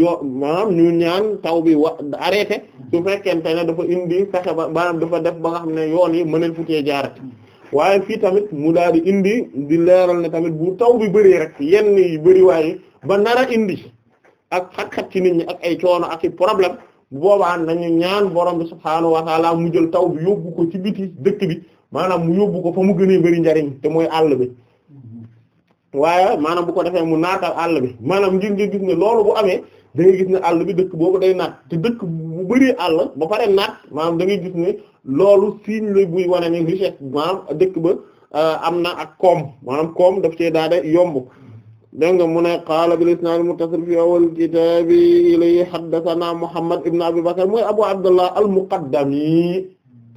yoon ñu ñaan taw bi wa arrêté su fekkente ne dafa indi fexe ba maanaam dafa def ba nga xam ne yoon yi mëneen futee jaarati waaye fii tamit mu daal di indi di leeral ne tamit bu taw bi bëree rek yenn yu bëri waaye ba nara indi ak xat-xat ci nit ñi ak ay coono ak i problème boobaa nañu ñaan borom bi subhaanahu wa taala mu jël taw bi yóbbu ko ci biti dëkk bi maanaam mu yóbbu ko fa mu gënee bëri njariñ te mooy àll bi waaye maanaam bu ko defee mu naatal àll bi maanaam ngir nga gis ne loolu bu amee gis ne àll bi dëkk boobu day naat te dëkk bu bari àll ba pare naat maanaam da ngay gis ne loolu signe la buy wane ne richesse a dëkk ba euh, am na ak koom maam koom daf cee daade yomb dégg nga mu ne qaala bil isnaad muttasil fi awal kitaabi ilay haddathana Muhammad ibn Abi Bakr mooy Abu Abdullah al-Muqaddami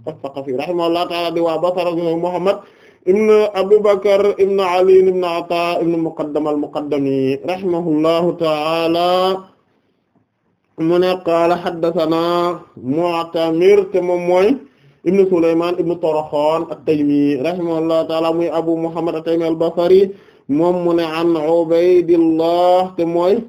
as-Saqafi rahimahullah ta'ala di waa Basra Muhammad ibn Abubakar ibn Ali ibn Ata ibn Muqaddam al-Muqaddami rahimahullahu ta'ala mu ne qaala haddathana Mu'tamir te moom mooy ibn Sulaymaan ibn Taraxaan at-Taymi rahimahullahu ta'ala muy Abu Muhammad at-Taymi al-Basri moom mu ne an Ubaydillah te mooy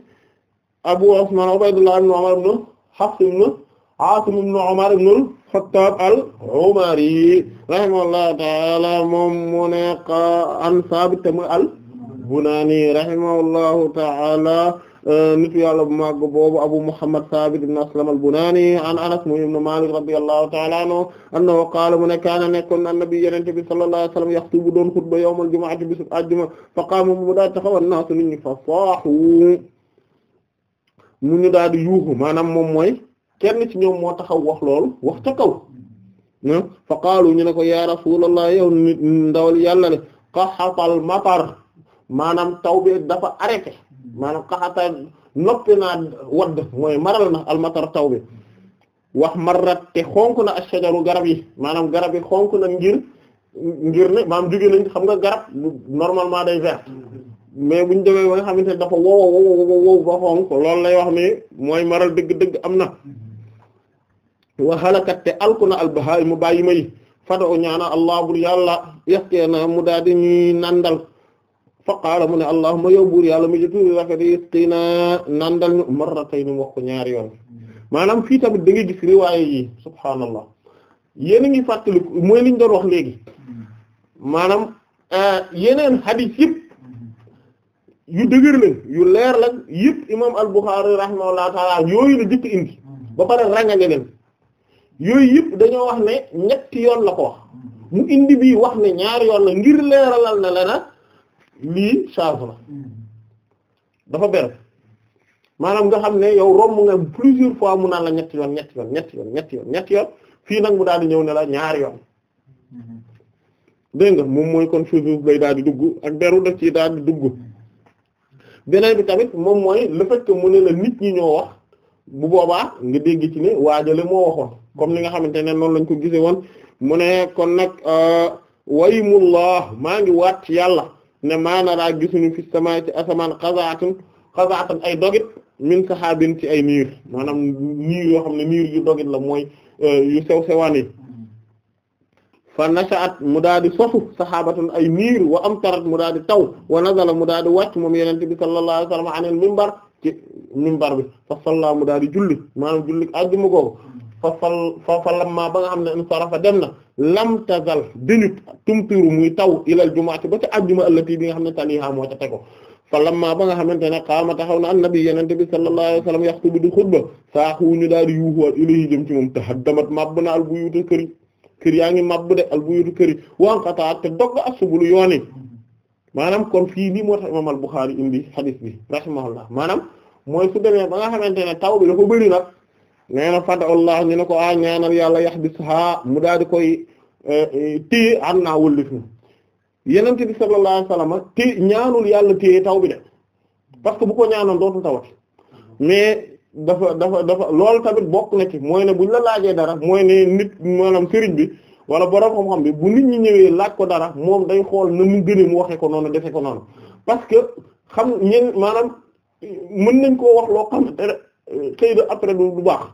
Abu Usmaan Ubaydullah ibn Umar ibn Hafs ibn Aasim ibn Umar ibn al-Khattab al-Umari rahimahullahu ta'ala moom mu ne an Saabit mu al-Bunaani rahimahullahu ta'ala euh, nitu yàlla bu màgg boobu Abu Muhammad Saabit ibn Aslam al-Bunaani an Anas mu ibn Maalik radiyallahu ta'ala anhu annahu qaala mu ne kaana nekkoon an-nabi Yonent bi sallallahu alayhi wa sallam yaxtubu doon xutba yawmal jumu'ati bisub àjjuma fa qaama mu daal taxaw an-naasu nit ñi fa saahu mu ñu daal di yuuxu maanaam moom mooy. kenn ci ñoom moo taxaw wax loolu wax ca kaw fa qaalu ñu ne ko ya rasulallah yow nit ndawal yàlla ne qaxatal matar maanaam taw dafa arrêté maanaam qaxatal noppi naa wadd mooy maral na almatar taw bi wax marrat te xonk na ashajaru garab yi maanaam garab yi xonk na ngir ngir ne maam jóge nañ xam nga garab normalement day vert mais buñ demee ba nga xamante ne dafa wow ba xonk loolu lay wax ni mooy maral dëgg-dëgg am na wa halakat te alku mu bàyyi ma yi fada o ñaana allah bur yàlla yexkee na mu daa di ñuy nandal fa qaala mu ne allahumma yow buur yàlla mu jëtudi rafet yësqina nandal ñu marratay ni wax ñaari yoon maanaam fii tamit da ngay gis riwaaye subhaanallah yéen a ngi fàttali mooy liñ doon wax léegi maanaam euh, yeneen hadith yëpp yu dëgër lañ yu leer lañ yëpp imam al-Bukhârî rahimahullahu taala yooyu la jëkk indi ba pare ràngale leen yooyu yëpp dañoo wax ne ñetti yoon la ko wax mu indi bi wax ne ñaari yoon la ngir leeralal na lena lii charge la dafa ber maanaam nga xam ne yow romb nga plusieurs fois mu naan la ñetti yoon ñetti yoon ñetti yoon ñetti ñetti yoon fii nag mu daal di ñëw ne la ñaari yoon dégg nga moom mooy kon shuzuz lay daal di dugg ak ci daal di dugg beneen bi tamit moom mooy le fait mu ne la nit ñi ñoo wax bu boobaa nga dégg ci ne waajale moo waxoon comme ni nga xamante ne noonu lañ ko gisee woon mu ne kon nag euh, waymullah maa ngi waat ci yàlla ne maanaraa gisuñu fi sama ci asamaan xasaatun xasaatan ay dogit min saxaabin ci ay niir maanaam niir yoo xam ne niir yu dogit la mooy euh, yu sew sewaan yi fa nashaat mu daal di sosu saxaabatun ay niir wa amtarat mu daal di taw wa nazala mu daal di wàcc moom yenente bi sallallahu alayhi wa sallam anil bar ci minbar bi fa salla mu daal di julli maanaam julli ajjuma googu fa fal fa fa lamma ba nga xam ne insarafa dem na lam tazal dinut tumtiru muy taw ilal jumaati ba ca àjjuma allati bi nga xam ne taliha moo ca tego fa lamma ba nga xamante ne qaama taxaw na annabi yenente bi sallallahu alayhi wasallam yaxtubu di xutba saaxuuñu daal di yuuxuwaat ilayhi jëm ci moom tahaddamat mabb na al buyutu këri kër yaa ngi mabb de al buyutu këri wanqataa te dogg asubulu yooni maanaam kon fii lii moo tax imam al Bukhari indi hadith bi rahimahullah maanaam mooy su demee ba nga xamante ne taw bi dafa bëri nag nee na fadallah ñu ne ko a ah, ñaanal yàlla yax bis haa mu daal di koy eh, eh, téye an naa wëllif na yenente bi sallallahu alayhi wasallam ñaanul yàlla téye taw bi de parce que bu ko ñaanoon dootul tawat mais dafa dafa dafa lool tamit bokk na ci mooy ne buñ la laajee dara mooy ne nit maanaam sëriñ bi wala borom xam bi bu nit ñi ñëwee ko dara moom day xool na mu gënee mu waxee ko noonu defe ko noonu parce que xam ñen maanaam mën nañ koo wax loo xam ne xëy na après du du baax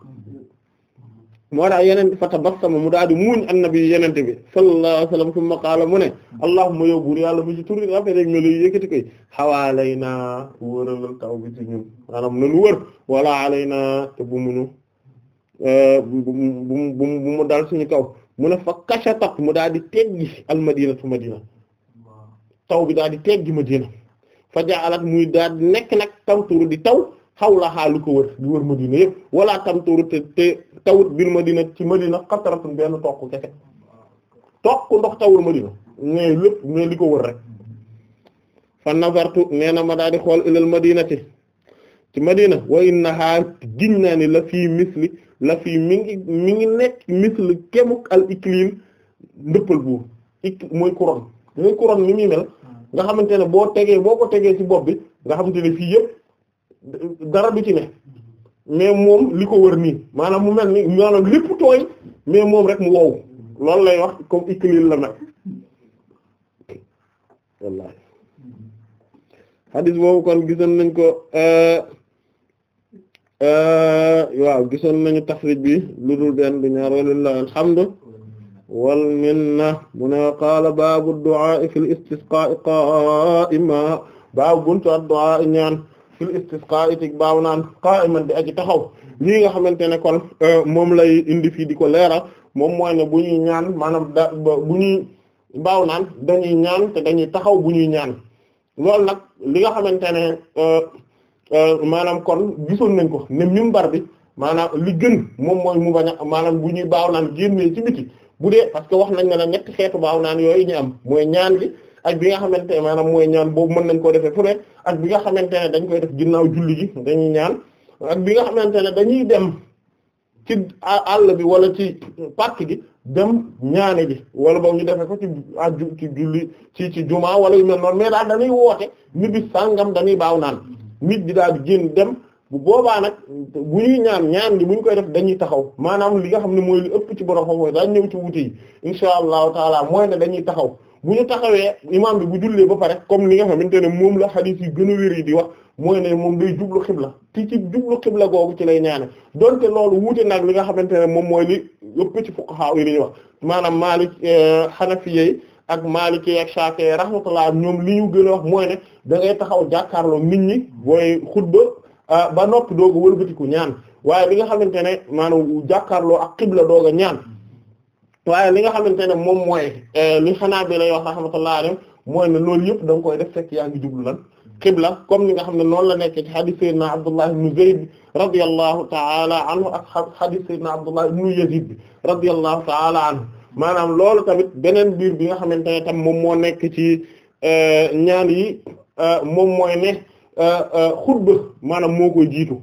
moo tax yeneen fa tabassama mu daal di muuñ annabi yeneen bi sallallahu alayhi wa sallam summa qaala mu ne allahumma yow buur yàlla bi turi affaire yi nga lay yëkkati koy xawaalay naa wëralal taw bi ci ñun maanaam nanu wër wala alay naa te bu muñu euh, bu bu mu dal suñu kaw mu ne fa kashatat mu daal di teggi almadinatu madina taw bi daal di teggi madina fa ja'alat muy daal di nekk nag taw di taw xawlahaa lu ko wër lu wër Madina yëpp wala tamturu te te tawut bil Madina ci Madina xataratun benn toq kese toq ndox tawul Madina mais lépp mais li ko wër rek fa nazartu nee na ma daal di xool ilal madinati ci Madina wa innahaa giñ naa ni la fii misli la fii mi ngi mi ngi nekk misli kemuk al iklim ndëppal buur ik mooy couronne mooy ni muy nga xamante ne boo tegee boo ko tegee ci bopp bi nga xamante ne fii yëpp dara du ci ne mais moom li ko wër nii maanaam mu mel ni maanaam lépp tooy mais moom rek mu wow loolu lay wax comme iklil la nag wallahi xadis boobu kon gisoon nañ ko euh, euh, waaw gisoon nañu taxrij bi lu dul benn du ñaar walillahi alhamdu wal minna mu ne qaala baabu du'a fil istisqa qaa'ima baabu buntu ad ñaan fil istisqa itig baaw naan qa'iman di aji taxaw lii nga xamante ne kon euh, moom lay indi fii di ko leeral moom mooy ne bu ñuy ñaan maanaam da bu ñuy baaw naan dañuy ñaan te dañuy taxaw bu ñuy ñaan loolu nag li nga xamante ne euh, euh, maanaam kon gisoon nañ ko ne minbar bi maanaam li gën moom mooy mu bañ a maanaam bu ñuy baaw naan génnee ci biti bu dee parce que wax nañ ne la ñetti xeetu baaw naan yooyu ñu am mooy ñaan gi ak bi nga xamante ne maanaam mooy ñaan boobu mën nañ koo defee fu ne ak bi nga xamante ne dañ koy def ginnaaw julli dañuy ñaan ak bi nga xamante ne dañuy dem ci àll bi wala ci parc gi dem ñaane ji wala boog ñu defee ko ci aju ci julli ci ci jumaa wala yu mel noonu mais daal dañuy woote nit bi sàngam dañuy baaw naan nit bi daal di dem bu boobaa nag ñaan ñaan li bu ñu koy def dañuy taxaw maanaam li nga xam ne mooy li ëpp ci borom xam-xam daa ñëw ci wuute yi insha allahu taala mooy ne dañuy taxaw bu ñu taxawee imaam bi bu jullee ba pare comme li nga xamante ne moom la xadiis yu gën a wér yi di wax mooy ne moom day jublu xibla ci ci jublu xibla googu ci lay ñaane donte loolu wuute nag li nga xamante ne moom mooy li ëpp ci fuqaha yi li ñuy wax maanaam Maalik Xanafi euh, ak maali Maliki ak Shafi'i rahmatullah ñoom li ñu gën a wax mooy ne da ngay taxaw jàkkaarloo nit ñi booy xutba euh, ba noppi doog a wëlbatiku ñaan waaye li nga xamante ne maanaam jàkkaarloo ak xibla doog a ñaan. waaye li nga xamante ne moom mooy euh, li xanaa bi lay wax rahmatullahi alayhi mooy ne loolu yëpp da koy def fekk yaa ngi jublu lan xibla comme ni nga xam ne noonu la nekk ci hadith sayyidina Abdullah ibn Zayd radiyallahu ta'ala anhu ak hadith sayyidina Abdullah ibn Yazid radiyallahu ta'ala maanaam loolu tamit beneen biir bi nga xamante ne tam moom moo nekk ci euh, ñaan yi euh, moom mooy ne xutba maanaam moo jiitu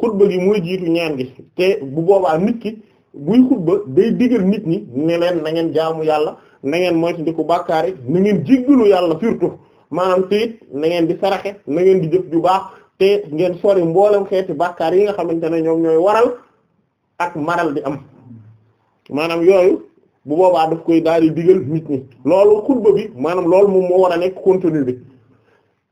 xutba gi mooy jiitu ñaan gi te bu boobaa nit ki buy xutba day digal nit ñi ne leen na jaamu yàlla na ngeen moytandiku bàkkaar yi na ngeen jéggalu yàlla surtout maanaam te it na ngeen di saraxe na ngeen di jëf ju baax te ngeen sori mboolem xeeti bàkkaar yi nga xamante ne ñoom ñooy waral ak maral di am maanaam yooyu bu boobaa daf koy daal di digal nit ñi loolu xutba bi maanaam lool moom moo war a nekk contenu bi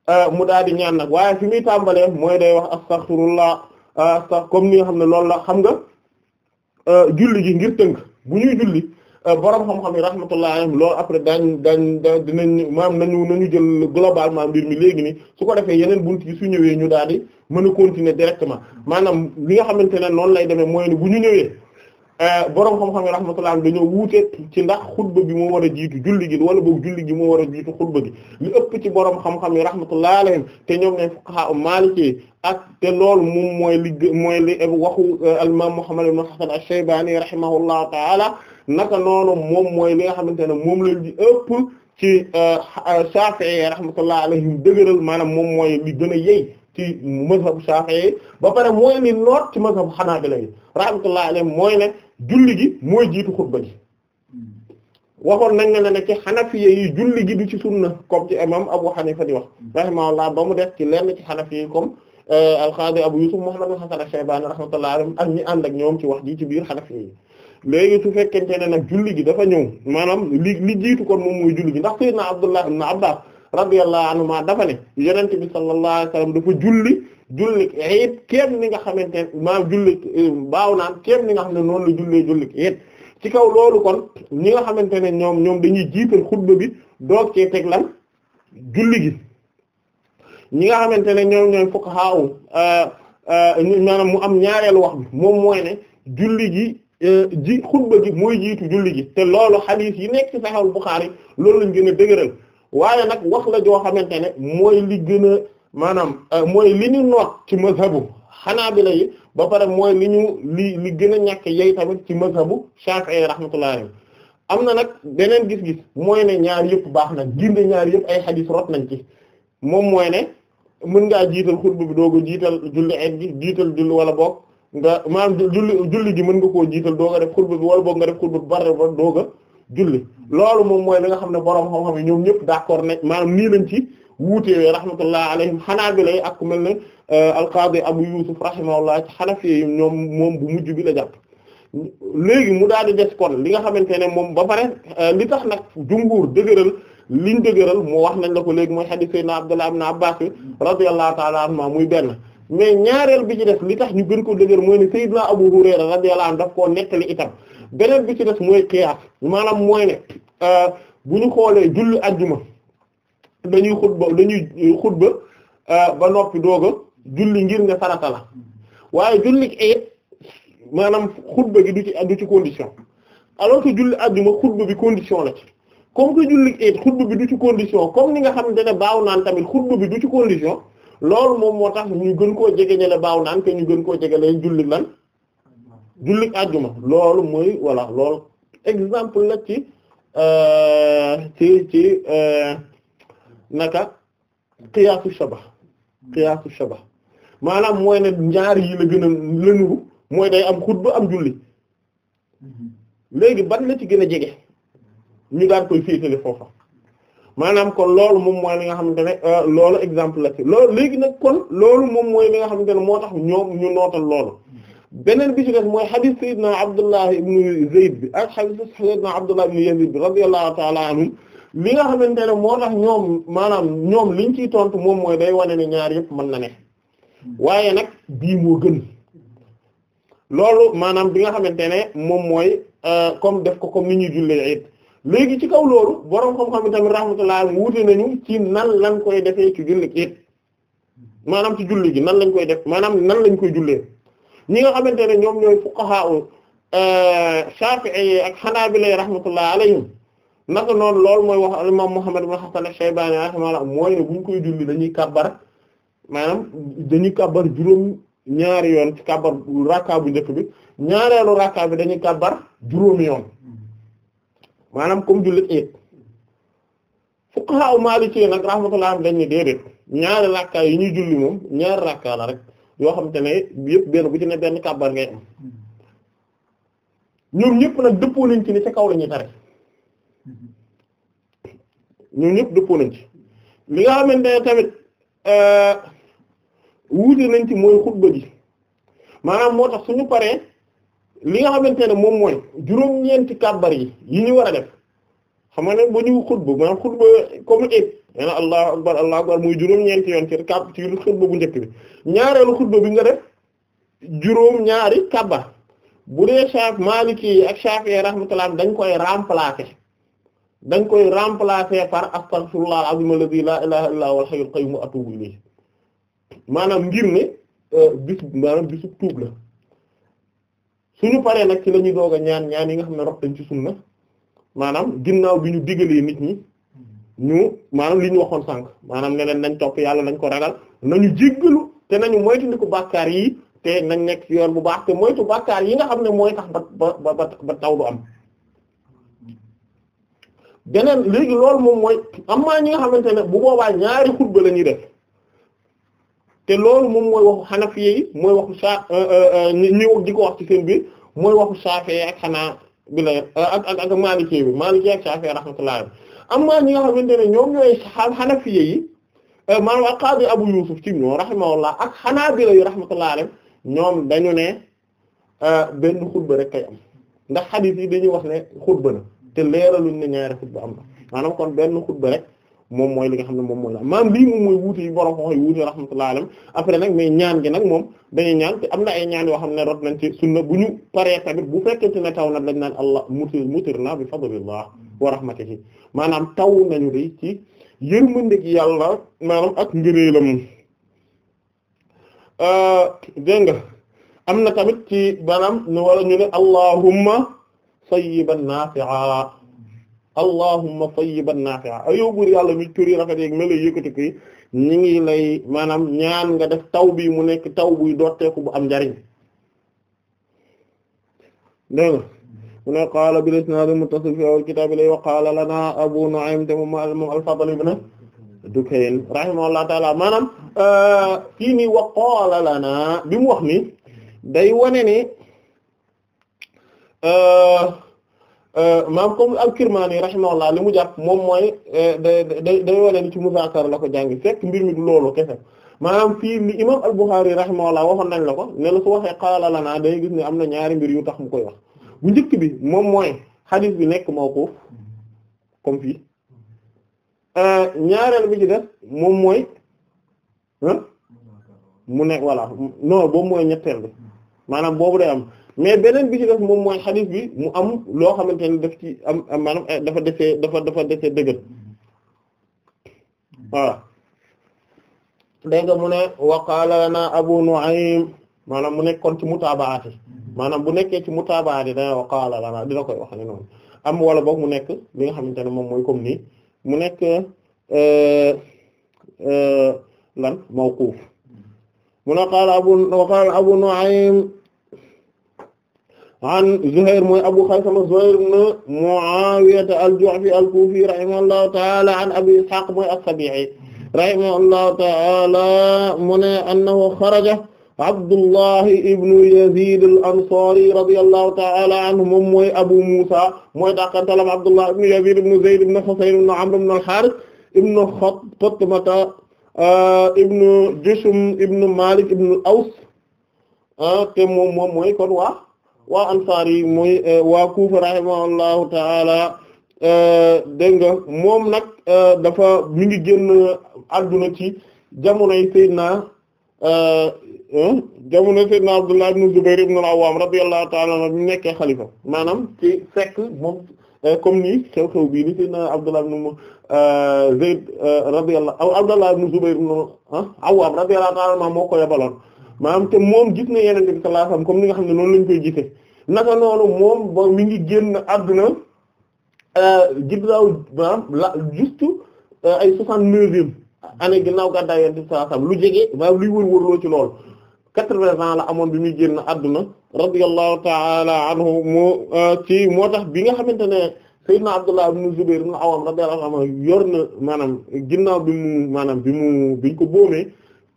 euh, mu daal di ñaan nag waaye fi muy tàmbalee mooy day wax astaghfirullah euh, comme ni nga xam ne loolu la xam nga Euh, julli gi ngir tënk bu ñuy julli euh, borom xam-xam yi rahmatullah alayhim loolu après daañu daañu dinañ maam nañu nañu jël globalement mbir mi léegi ni su ko defee yeneen bunt yi su ñëwee ñu daal di mën a continuer directement maanaam li nga xamante ne noonu lay demee mooy ni bu ñu ñëwee euh, borom xam-xam yi rahmatullah dañoo wuute ci ndax xutba bi moo war a jiitu julli gi wala boog julli gi moo war a jiitu xutba gi li ëpp ci borom xam-xam yi rahmatullah alayhim te ñoom ne fuqaha Maliki ak te loolu moom mooy li mooy li waxu euh, al-imam Muhammad ibn Hasan ash-Shaybani rahimahullahu ta'ala naka noonu moom mooy li nga xamante ne moom lañ di ëpp ci euh, Shafi'i rahmatullahi alayhim dëgëral maanaam moom mooy li gën a yey ci mazhab Shafi'i ba pare mooy li noot ci mazhab Hanabila yi rahmatullahi alayhim mooy ne julli gi mooy jiitu xutba gi waxoon nañ ne ne ci xanafiye yi julli gi du ci sunna comme ci imam Abu Hanifa di wax rahimahullah ba mu def ci lenn ci xanafiye Euh, alqaadi Abu Yusuf Muhammad ibn Hasan ash-Shaybani rahmatullahi alayhi ak ñi ànd ak ñoom ci wax ji ci biir Hanafi ni léegi su fekkente ne nag julli gi dafa ñëw maanaam li li jiitu kon moom mooy julli gi ndax sayyidina Abdullah ibn Abbas radiyallahu anhuma dafa ne yonent bi sallallahu alayhi wasallam dafa julli julli eid kéem ni nga xamante maanaam julli baaw naan kéem ni nga xam ne noonu la jullee julli eid ci kaw loolu kon ñi nga xamante ne ñoom ñoom dañuy jiital xutba bi doog cee teg lan julli gi ñi nga xamante ne ñoom ñooy fuqaha euh, euh, maanaam mu am ñaareelu wax bi moom mooy ne julli gi euh, ji xutba gi mooy jiitu julli gi te loolu xadiis yi nekk ci bu Bukhari loolu lañ gën a dëgëral waaye nag wax la joo xamante ne mooy li gën a maanaam mooy li ñu noot ci mazhabu Hanabila yi ba pare mooy li ñu li li gën a ñàkk yey tamit ci mazhabu Shafi'i rahmatullahi am na nag beneen gis-gis mooy ne ñaar yëpp baax na ginde ñaar yëpp ay xadiis rot nañ ci moom mooy ne mën ngaa jiital xutba bi dooga jiital julli eid gi jiital julli wala boog nga maanaam julli julli gi mën nga koo jiital dooga def xutba bi wala boog nga def xutba bi bare ba dooga julli loolu moom mooy li nga xam ne boroom xam-xam yi ñoom ñëpp d'accord ne maanaam nii lañ ci wuutewee rahmatullah alayhim xanaa bi lay ak ku mel ne euh, alqaadi abu yusuf rahimahullah ci xanafi ñoom moom bu mujj bi la jàpp léegi mu daal di des kon li nga xamante ne moom ba pare euh, li tax nag jumbuur dëgëral liñ dëgëral moo wax nañ la ko léegi mooy hadith sayyidina Abdullah ibn Abbas bi radiyallahu ta'ala anhuma muy benn mais ñaareel bi ci def li tax ñu gën ko dëgër mooy ne sayyidina Abu Hurayra radiyallahu anhu daf koo nettali itam beneen bi ci def mooy qiyaas maanaam mooy ne euh, bu ñu xoolee julli ajjuma dañuy xutba dañuy xutba euh, ba noppi doog a julli ngir ne farata la waaye julli ayit maanaam xutba gi du ci condition alors julli ajjuma xutba bi condition la comme que julli it xutba bi du ci condition comme ni nga xamante ne baaw naan tamit xutba bi du ci condition loolu moom moo tax ñu gën koo jegeñale baaw naan te ñu gën koo jegelee julli lan julli àjjuma loolu mooy voilà loolu exemple la ci euh, ci ci euh, naka xiyaasu shaba xiyaasu shaba ne ñaar yi la gën a lënuru mooy day am xutba am julli mm-hmm. léegi ban la ci gën a jege ñu daan koy féetale foofa maanaam kon loolu moom mooy li nga xamante ne euh, loolu exemple la ci léegi nag kon loolu moom mooy li nga xamante ne moo tax ñoom ñu nootal loolu beneen bi ci des mooy xadis sayidna abdullah ibnu zayd bi ak xadis sayidna abdullah ibnu yazid li nga xamante ne moo tax ñoom maanaam ñoom liñ ci tontu moom mooy day wane ne ñaar yëpp man na ne waaye nag bii moo gën loolu maanaam bi nga xamante ne moom mooy euh, comme def ko comme ni ñuy jullee it léegi ci kaw loolu borom xam-xam yi tamit rahmatullah wuute nañu ci nan lañ koy defee ci julli gi maanaam ci julli gi nan lañ koy def maanaam nan lañ koy jullee ñi nga xamante ne ñoom ñooy fuqaha euh, Shafi'i ak Hanabila rahmatullah alayhim naka noonu loolu mooy wax al imam Muhammad ibn Hasan al-Shaybani rahimahullah mooy ne buñ koy julli dañuy kàbbar maanaam dañuy kàbbar juróom ñaari yoon ci kàbbar rakka bi ñaareelu rakka bi dañuy kàbbar juróomi yoon. maanaam comme jullit eet fuqaha maliki nag rahmatullah dañ ne déedéet ñaari rakkaa yi ñuy julli moom ñaari rakkaa rek yoo xam te ne yëpp benn bu ci ne benn kàbbar ngay am ñoom ñëpp nag dëppoo nañ ci ne ca kaw la ñuy tare ñoom ñëpp dëppoo nañ ci li nga xamante ne tamit euh, wuute nañ ci mooy xutba gi maanaam moo tax suñu paree li nga xamante ne moom mooy juróom-ñeenti kàbbar yi yi ñu war a def xam nga ne bu ñu xutba maanaam muy juróom-ñeenti yoon ci kàbb ci xutba bu njëkk bi juróom-ñaari kàbbar bu dee Shaaf Maliki ak Shaafi'i rahmatullah dañ koy remplacer dañ koy remplacer par astaghfirullah al-azim alladhi la ilaha illa huwa maanaam ngir ne euh, bis bisu tuub la suñu paree nag ci la ñuy doog a ñaan ñaan yi nga xam ne rox dañ ci na maanaam ginnaaw bi ñu digalee nit ñi ñu maanaam li ñu waxoon sànq maanaam ne nañ topp yàlla nañ ko ragal nañu jéggalu te nañu moytandiku bàkkaar yi te nañ nekk ci yoon bu baax te moytu bàkkaar yi nga xam ne mooy tax ba ba ba ba taw du am beneen léegi loolu moom mooy am maa ñi nga xamante ne bu boobaa ñaari xutba la ñuy def te loolu moom mooy waxu xanafi yi mooy waxu saa euh, euh, euh, ñi wax ci seen mooy waxu Shafi'i ak xanaa bi la ak ak ak Maliki bi Maliki ak Shafi'i rahmatullah amma ñi nga xamante ne ñoom ñooy xanafi yi maanaam ak Qaadi Abu Yusuf ci ñoom rahimahullah ak Hanaabila yi rahmatullah alayhim ñoom dañu ne benn xutba rek am ndax xadiis yi dañuy wax ne xutba na te leeraluñ ne ñaari xutba am na maanaam kon benn xutba rek. moom mooy li nga xam ne moom mooy la maam lii moom mooy wuute yi borom xoox yi wuute rahmatullahi après nag mais ñaan gi nag moom dañuy ñaan am na ay ñaan yoo xam ne rot nañ ci sunna bu ñu paree tamit bu fekkente ne taw na dañ naan allah mutir mutir na bi fadlillah wa rahmatihi maanaam taw nañu di ci yërmandeeg yàlla maanaam ak ngëneelam euh, dégg nga am na tamit ci maanaam wala ñu ne allahumma sayyiban nafi'a allahumma tayyiban naafi'a mi tur yi rafet yeeg melo yëkkati ngi lay maanaam ñaan nga def taw bi mu nekk taw buy dooteeku bu am njariñ dégg nga mu ne qaala bil isnaad fi awwal kitaab ilay wa qaala lana abu nu'aym te moom al-Fadl ibn Dukayn rahimahullahu ta'ala maanaam euh, fii nii wa qaala lana bi wax ni day wone ni Euh, maam comme al-Kirmani rahimahullah li mu jàpp moom mooy day day day wane ni ci muzaakara la ko jàngi fekk mbir mi du loolu kese maanaam fii li imam al-Bukhari rahimahullah waxoon nañ la ko ne la su waxee qaala lanaa day ne am na ñaari mbir yu tax mu koy wax bu njëkk bi moom mooy xadis bi nekk mawquf comme fii euh, ñaareel bi ci def moom mooy mu nekk voilà non boobu mooy ñetteel bi maanaam boobu day am mais beneen bi ci def moom mooy xadis bi mu am loo xamante ne daf ci am maanaam eh, dafa desee dafa dafa desee dëggal nga mu ne waqaala lana Abu Nu'aym maanaam mu nekkoon ci mutaabaati maanaam bu nekkee ci mutaabaati dana waqaala lana dina koy wax ne noonu am wala boog mu nekk li nga xamante ne moom mooy comme nii mu nekk euh, euh, lan mawquuf mu ne qaala abu waqaala Abu Nu'aym an Zuhair mooy Abu Khaysama Zuhair ibn Mu'awiya al-Ju'fi al-Kufi rahimahullahu ta'ala an Abi Ishaq mooy as-Sabi'i rahimahullahu ta'ala mu ne annahu kharaja Abdullahi ibn Yazid al-Ansari radiyallahu ta'ala anhu moom mooy Abu Musa mooy dàqantalam Abdullah ibn Yazid ibn Zayd ibn Husayn ibn Amr ibn al-Harith ibn Qutmata eh, ibn Jushum ibn Malik ibn al-Aws eh, te moom moom mooy kon waa waa ansaar yi muy e, waa Kufa rahimahullahu taala e, dégg nga moom nag e, dafa mi ngi génn adduna ci jamonoy Seydina jamono Seydina Abdullah ibn Zubayr ibn al-Awwam radiyallahu taala anhu bi nekkee xalifa maanaam ci fekk moom comme ni xew-xew bii ni Seydina Abdullah ibn Zayd radiyallahu aw Abdullah ibn Zubayr ibn al-Awwam ah, radiyallahu taala anhu moo ko yabaloon maanaam te moom gis na yenente bi sallallahu alayhi wasallam comme ni nga xam ne noonu lañ koy gisee naka noonu moom ba mi ngi génn àdduna euh, ginnaaw maanaam la juste euh, ay soixante-neuvième ginnaaw gàddaay yenente bi sallallahu alayhi wasallam lu jege maanaam luy wër-wërloo ci lool quatre-vingts ans la amoon bi muy génn àdduna radiyallahu ta'ala anhu moo euh, ci moo tax bi nga xamante ne sayyidna Abdullah ibn Zubayr ibn Awam radiyallahu anhu yor na maanaam ginnaaw bi mu maanaam bi mu bi ko boomee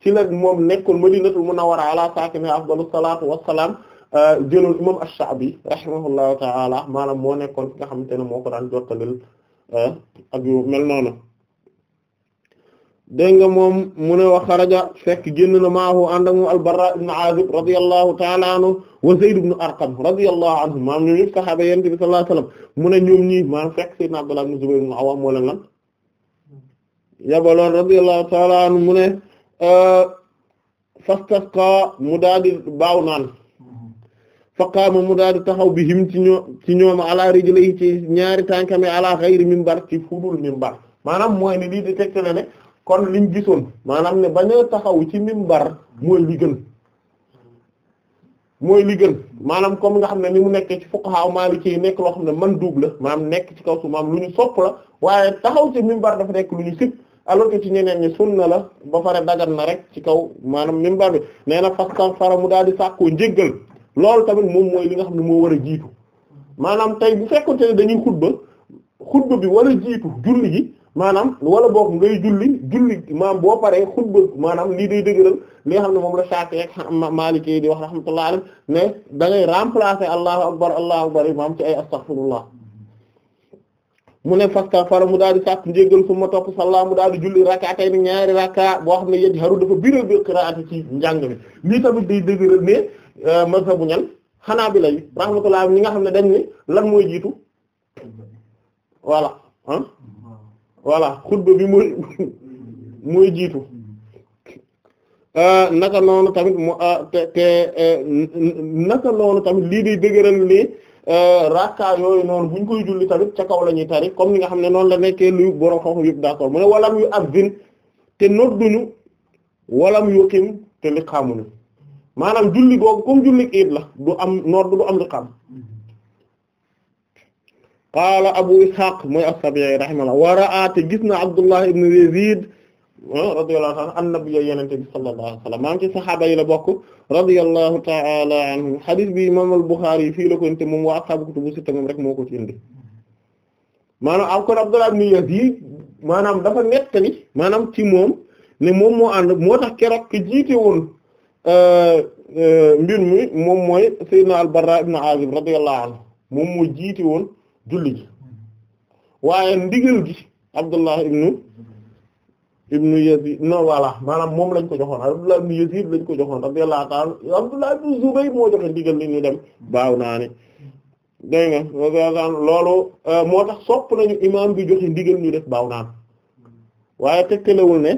ci la moom nekkoon Madinatul Munawwara ala saakinihaa afdalu salaatu wassalaam euh, jëloon imam Ash-Sha'bi rahimahullahu ta'ala maanaam moo nekkoon ki nga xamante ne moo ko daan jottalil euh, mel noonu dégg nga moom mu ne wax xaraja fekk génn na maahu ànd ak mu al-Barra ibn Azib radiyallahu ta'ala anhu wa Zayd ibn Arqam radiyallahu anhu maam ñoom ñëpp saxaaba yonent bi sallallahu alayhi wasallam fekk sayyidna Abdullah ibn Zubayr ibn Awwam moo hmm. yabaloon radiyallahu ta'ala anhu mu Euh, fastasqa mu daal di baaw naan faqaama mu daal di taxaw bi him ci ñoom ci ñoom ala rijlihi ci ñaari tànkami ala xayri minbar ci fudul minbar maanaam mooy ni lii di tegtale ne kon liñ gisoon maanaam ne bañ a taxaw ci minbar mooy li gën mooy li gën maanaam comme nga xam ne ni mu nekkee ci fuqaha maliki yi nekk loo xam ne man duub la maanaam nekk ci kaw su maanaam lu ñu sopp la waaye taxaw ci minbar dafa nekk lu ñu sib alors que ci ñeneen ñi sunna la boo pare dagan na rek ci kaw maanaam minbar bi nee na faskan fara mu daal di sàkkoo njéggal loolu tamit moom mooy li nga xam ne moo war a jiitu maanaam tey bu fekkonte ne dañuy xutba xutba bi wala jiitu julli gi maanaam wala boog ngay julli julli maanaam boo paree xutba maanaam lii day dëgëral li nga xam ne moom la Shaafi ak Maaliki di wax rahmatullah alayhi ne da ngay remplacer allahu akbar allahu akbar imam ci ay astaghfirullah mu ne fasta fara mu daal di sàkk njéggal su ma topp salla mu daal di julli rakkaatay ni ñaari rakka boo xam ne yej xaru dafa biral bi qiraati ci njàng mi lii tamit day dëgëral ne euh, mazhabu ñan xanaa bi lay rahmatullah ñi nga xam ne dañ ne lan mooy jiitu voilà ah bi mooy mooy jiitu euh, naka noonu tamit mu euh, te tamit lii day dëgëral ne Euh, rakka yooyu noonu bu koy julli tamit ca kaw la ñuy tari comme ni nga xam ne noonu la nekkee luy borom xam-xam yëpp d'accord mu ne walam yu azzin te nodduñu walam yu xiim te li xaamuñu maanaam julli googu comme julli iid la du am nodd du am li xam qaala abu ishaq mooy as-Sabi'i rahimahullah wa ra'a te gis na Abdullah ibn Yazid radiyallahu ta'ala annabi yenente bi sallallahu alayhi wasallam maam ci saxaaba yi la bokk radiyallahu ta'ala anhum xadis bi imam al-Bukhari yi fii la ko indi moom waa ashaabu kutubu sitta moom rek moo ko ci indi maanaam am kon Abdullah ibn Yazid maanaam dafa nettali maanaam ci moom ne moom moo ànd moo tax keroog ki jiite woon euh, euh, mbir mi moom mooy Seydina al-Barra ibn Azib radiyallahu anhu moom moo jiite woon julli ji waaye ndigal gi Abdullah ibn ibnu Yazid non voilà maanaam moom lañ ko joxoon Abdullah ibnu Yazid lañ ko joxoon radiyallahu ta'ala Abdullah ibnu Zubayr moo joxe ndigal li ñu dem baaw naa ne euh, moo tax sopp nañu imam bi joxe ndigal ñu def baaw naan waaye tegtalewul ne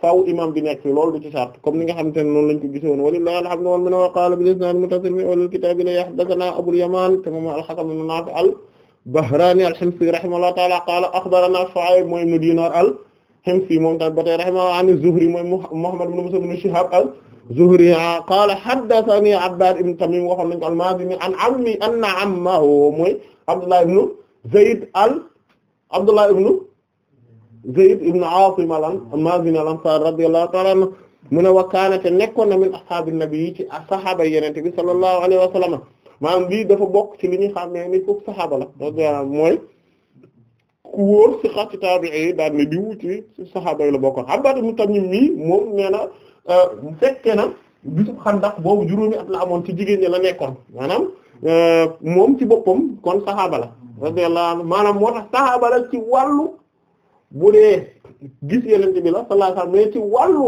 faaw imam bi nekk fi lool du ci sart comme ni nga xamante ne noonu lañ ko gisoon walillahi alhamdu wal minna wa qala bil isnad muttasil fi awwal kitab la yahdathana Abul Yaman tamam al-Hakam ibn Nafi' al-Bahrani al-Himsi rahimahullahu ta'ala qala akhbarana Shu'ayb mooy ibnu Dinar al Himsi moom tamit ba tey rahimahullah an Zuhri mooy Muhammad ibn Muslim ibn Shihab az-Zuhri ah, qaala haddathani Abbad ibn Tamim waxoon nañu ko al-Mazini an ammi anna ammahu mooy Abdullah ibn Zayd al Abdullah ibn Zayd ibn Asim al-Mazini al-Ansari radiyallahu ta'ala anhu mu ne wa kaana te nekkoon na min ashaabi nabi ci sahaaba Yonent bi sallallahu alayhi wa sallam maanaam lii dafa bokk ci li ñu xam ne ni foofu sahaaba la mooy. ku wóor si xaati taabi'i daal ne diw ci saxaaba yi la bokkoon Abbaad ibn Tamiim mii moom nee na euh, fekke na bisub Xandaq boobu juróomi am la amoon ci jigéen ñi la nekkoon maanaam euh, moom ci boppam kon saxaaba la maanaam moo tax saxaaba la ci wàllu bu dee gis yenente bi la sallallahu alayhi wasallam mais ci wàllu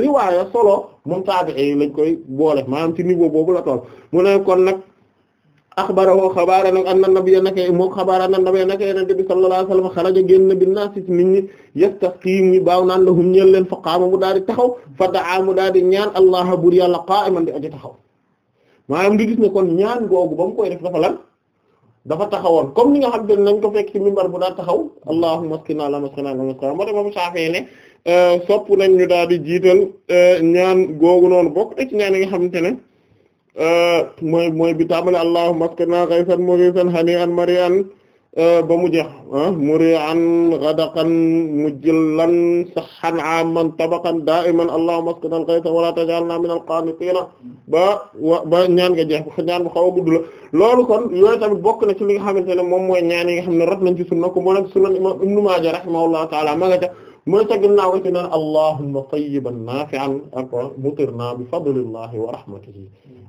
riwaaya solo moom taabi'i lañ koy boole maanaam ci niveau boobu la toll mu ne nag axbarahu xabaara nag anna nabiyya naka moom xabaara anna nabiyya naka yonent bi sallallahu alayhi wa sallam xaraja génn bi naas ci nit ñi yastasqi muy baaw naan lahum ñeel leen fa qaama mu daal di taxaw fa daa mu daal di ñaan allah bur yàlla qaa'iman di aji taxaw maanaam nga gis ne kon ñaan googu ba mu koy def dafa lan dafa taxawoon comme ni nga xam ne nañ ko fekk ci minbar bu daal taxaw allahumma askina allahumma askina allahumma askina moo tax moom Shaafi'i ne sopp nañ ñu daal di jiital ñaan googu noonu bokk ci ñaan yi nga xamante ne. Euh, mooy mooy bi tàmbale allahumma askina ghaysan mughisan hani'an mari'an euh, ba mu jeex ah, muri'an ghadaqan mujillan sahan 'aman tabaqan da'iman allahumma askina al-ghaytha wa la taj'alna min al-qanitina ba ba ñaan nga jeex ñaan bu xaw a gudd la loolu kon yooyu tamit bokk na ci li nga xamante ne moom mooy ñaan yi nga xam ne rot nañ ci sunna ko moo nag sunan imam ibnu Maaja rahimahullahu ta'ala ma nga ca mooy ca ginnaaw ci naan allahumma tayyiban nafi'an ak mutirna bi fadlillahi wa rahmatihi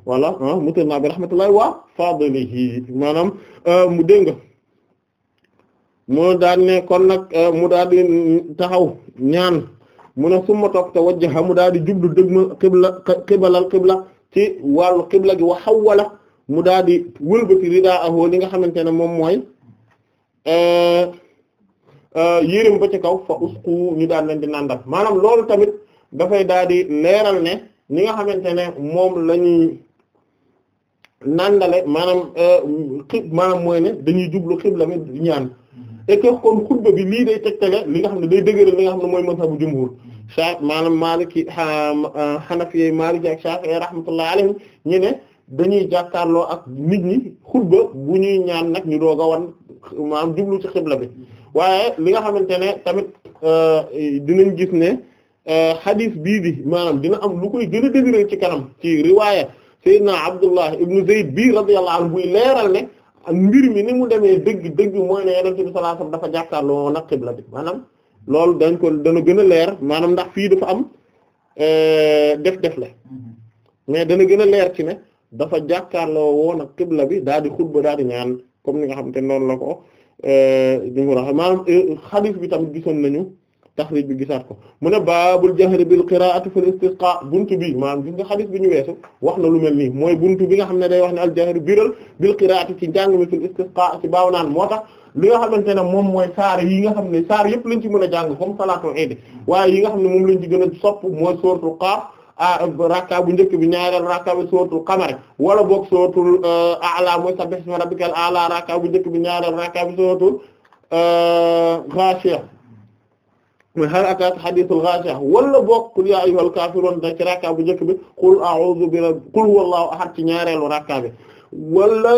wala mutal naa bi rahmatullahi wa fadlihi maanaam euh, mu dégg nga mu daal kon nag euh, mu daal di taxaw ñaan mu ne summa toog te wajjaha mu daal di jublu dëgma xibla xibalal xibla ci wàllu xibla gi wa xawwala mu daal di wëlbati ridaahu li nga xamante ne moom mooy euh, yërim ba ci kaw fa usku ñu daal leen di nandal maanaam loolu tamit dafay daal di leeral ne ñi nga xamante ne moom la nangale maanaam euh, xib maanaam mooy ne dañuy jublu xibla bi ñaan mm-hmm. et que kon xutba bi lii day tegtale li nga xam ne day dëgëral li nga xam ne mooy mazhabu jumhur mm-hmm. saa maanaam Maliki euh, Hanafi Maliki ak Shafi'i rahmatullahi alayhim ñu ne dañuy jàkkaarloo ak nit ñi xutba bu ñuy ñaan nag ñu doog a wan maanaam jublu ci xibla bi mm-hmm. waaye li nga xamante ne tamit euh, dinañ gis ne hadith bii bi maanaam dina am lu koy gën a ci kanam ci riwaaya Seydina Abdullah ibn Zayd bii radiyallahu anhu buy leeral ne mbir mi ni mu demee dëgg dëgg mooy ne Yonent bi sallallahu alayhi wasallam dafa jàkkaarloo nag maanaam loolu dañ ko dana gën a leer maanaam ndax fii dafa am euh, def def la mais dana gën a leer ci ne dafa jàkkaarloo woon ak xibla bi daal di xutba daal di ñaan comme ni nga xam te noonu la ko ñu euh, maanaam euh, xadiis bi tam gisoon nañu taxrij bi gisaat ko mu ne baabul jahri bil qiraa'ati fil istisqa buntu bi maanaam gis nga xadis bi ñu weesu wax na lu mel nii mooy buntu bi nga xam ne day wax ne al jahri biral bil qiraa'ati ci njàng mi fil istisqa ci baaw naan moo tax li nga xamante ne moom mooy saar yi nga xam ne saar yëpp lañ ci mën a jàng comme salaatul iid waaye yi nga xam ne moom lañ ci gën a sopp mooy sóortu qaaf ah rakka bu njëkk bi ñaareel rakka bi sóortu qamar wala boog sóortu a'la mooy sabbih isma rabbikal a'la rakka bu njëkk bi ñaareel rakka bi sóortu ghaashiya muy hal ataaka hadithul ghashiya wala boog qul ya ayyuhal kaafiruun da ci rakka bu njëkk bi qul a'udhu bi qul wallahu ahad ci ñaareelu rakka bi wala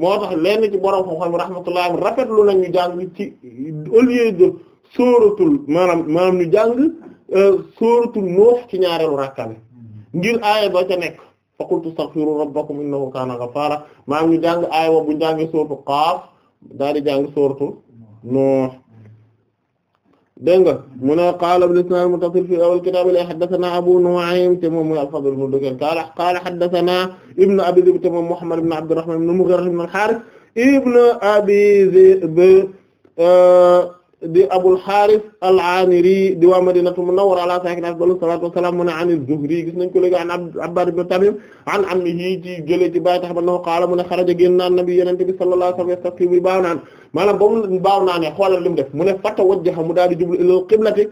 moo tax lenn ci borom xam-xam rahmatullah rafetlu nañ ñu jàng ci au lieu de sóoratul maanaam maanaam ñu jàng euh, sóoratul Nuux ci ñaareelu rakka bi ngir aaya ba ca nekk fa qultu astaghfiru rabbakum innahu kaana ghafaara maanaam ñu jàng aaya ba bu jàngee sóoratu Qaaf daal di jàng sóoratu Nuux dégg nga mu ne qaala bil isnaad muttasil fi awal kitaab la haddasanaa Abu Nu'aym te moom mooy al-Fadl ibn Dukayn qaala qaala haddasanaa ibn Abi Dhi'b te moom Muhammad ibn Abdurrahmaan ibn Mughira ibn al-Haarith ibn Abi Dhi'b di Abul Harith al-Amiri di waa Madinatu Munawwara ala saakinihaa afdalu salaatu wa salaam mu ne an az-Zuhri gis nañ ko léegi an Abbad ibn Tamim an ammihi ci jëlee ci baay tax ba noo qaala mu ne xaraja génn naan nabi yonent bi sallallahu alayhi wa sallam yastaqi muy baaw naan maanaam ba mu baaw naanee xoolal li mu def mu ne fatawajjaha mu daal di jublu ilal qiblati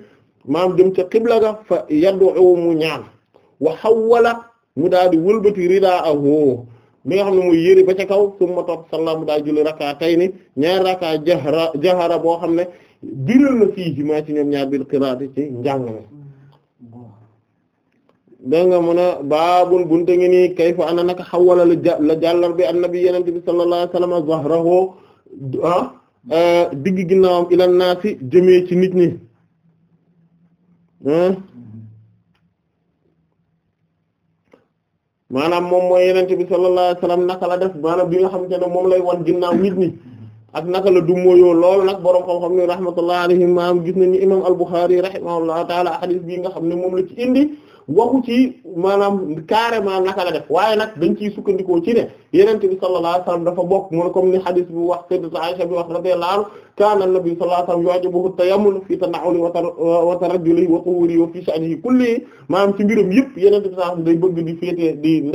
maam jëm ca qibla ga fa yad'u mu ñaan wa hawwala mu daal di wëlbati ridaahu mi nga xam ne muy yëri ba ca kaw summa topp salla mu daal di julli rak'atayni ñaari rak'a jahra jahra boo xam ne biral la fii ji maa ci ñoom ñaar bil ci njàng ma dégg nga mun a baabul bunte ngi nii kayfa ana naka xawala la jàllar bi annabi yenente bi sallallahu alayhi wasallam zahrahu ah eh, digg ginnaawam ila naasi jëmee ci nit ñi hmm? maanaam moom mooy yenente bi sallallahu alayhi naka la def maanaam bi nga xamante ne moom lay wan ginnaaw nit ñi ak naka la du moyoo loolu nag borom xam-xam ni rahmatullah alayhim maam gis nañu imam al-Bukhari rahimahullahu a hadith bi nga xam ne moom la ci indi waxu ci maanaam carrément naka la def waaye nag dañ ciy sukkandikoo ci ne yeneen bi sallallahu alayhi dafa bokk mu ne comme ni hadith bi wax sayyidat Aisha bi wax radiyallahu anha kaana an-nabi sallallahu alayhi wasallam yu'jibuhu at-tayammul fi tana'uli wa tarajjulihi wa tuhurihi wa fi sha'nihi kulli maanaam ci mbirum di féetee di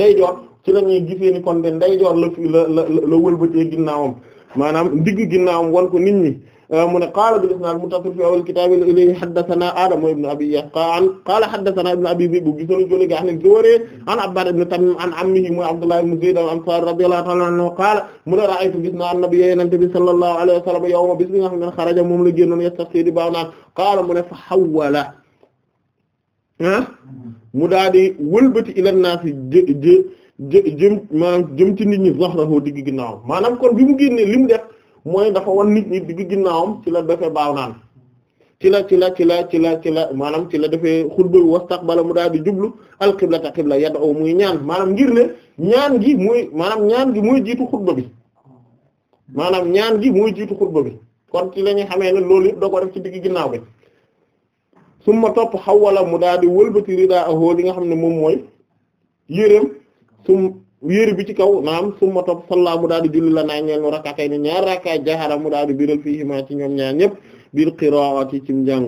ci la ñuy gisee ni kon de ndeyjoor la la la la ginnaawam maanaam digg ginnaawam wan ko nit ñi euh, mu ne qaala bil isnaad muttasil fi awwal kitaab ilayhi haddathana Adam ibn Abi Yaqaan qaala haddathana ibn Abi Zi'b bu gisoon jëlee nga xam ne Zuhri an Abbaad ibn Tamiim an ammihi mooy Abdullah ibn Zayd al-Ansaari radiyallahu ta'ala anhu an-nabiyya Yonent bi sallallahu alayhi wa sallam yawma bis bi nga xam ne xaraja moom la génnoon yastaqsi di baaw naan qaala mu ne fa hawwala ah, mu daal di wëlbati ila an jëm maanaam jëm ci nit ñi na zahrahu digg ginnaawam maanaam kon bi mu génnee li mu def mooy dafa wan nit ñi digg ginnaawam ci la defee baaw naan ci la ci la ci la ci la ci la maanaam ci la defee xutba bala mu daal di jublu alqiblata qibla yad'u muy ñaan maanaam ngir ne ñaan gi muy maanaam ñaan gi muy jiitu xutba bi maanaam ñaan gi muy jiitu xutba bi kon ci la ñuy xamee ne loolu yëpp da def ci digg ginnaaw bi summa topp xaw xawala mu daal di wëlbati ridaahu li nga xam ne moom mooy yéreem sum yére bi ci kaw naam summa topp salla mu daal di julli la naa ñeel mu rakatay ni ñaar raka jahara mu daal di biral fii himaa ci ñoom ñaar ñëpp bil qiraati cim njàng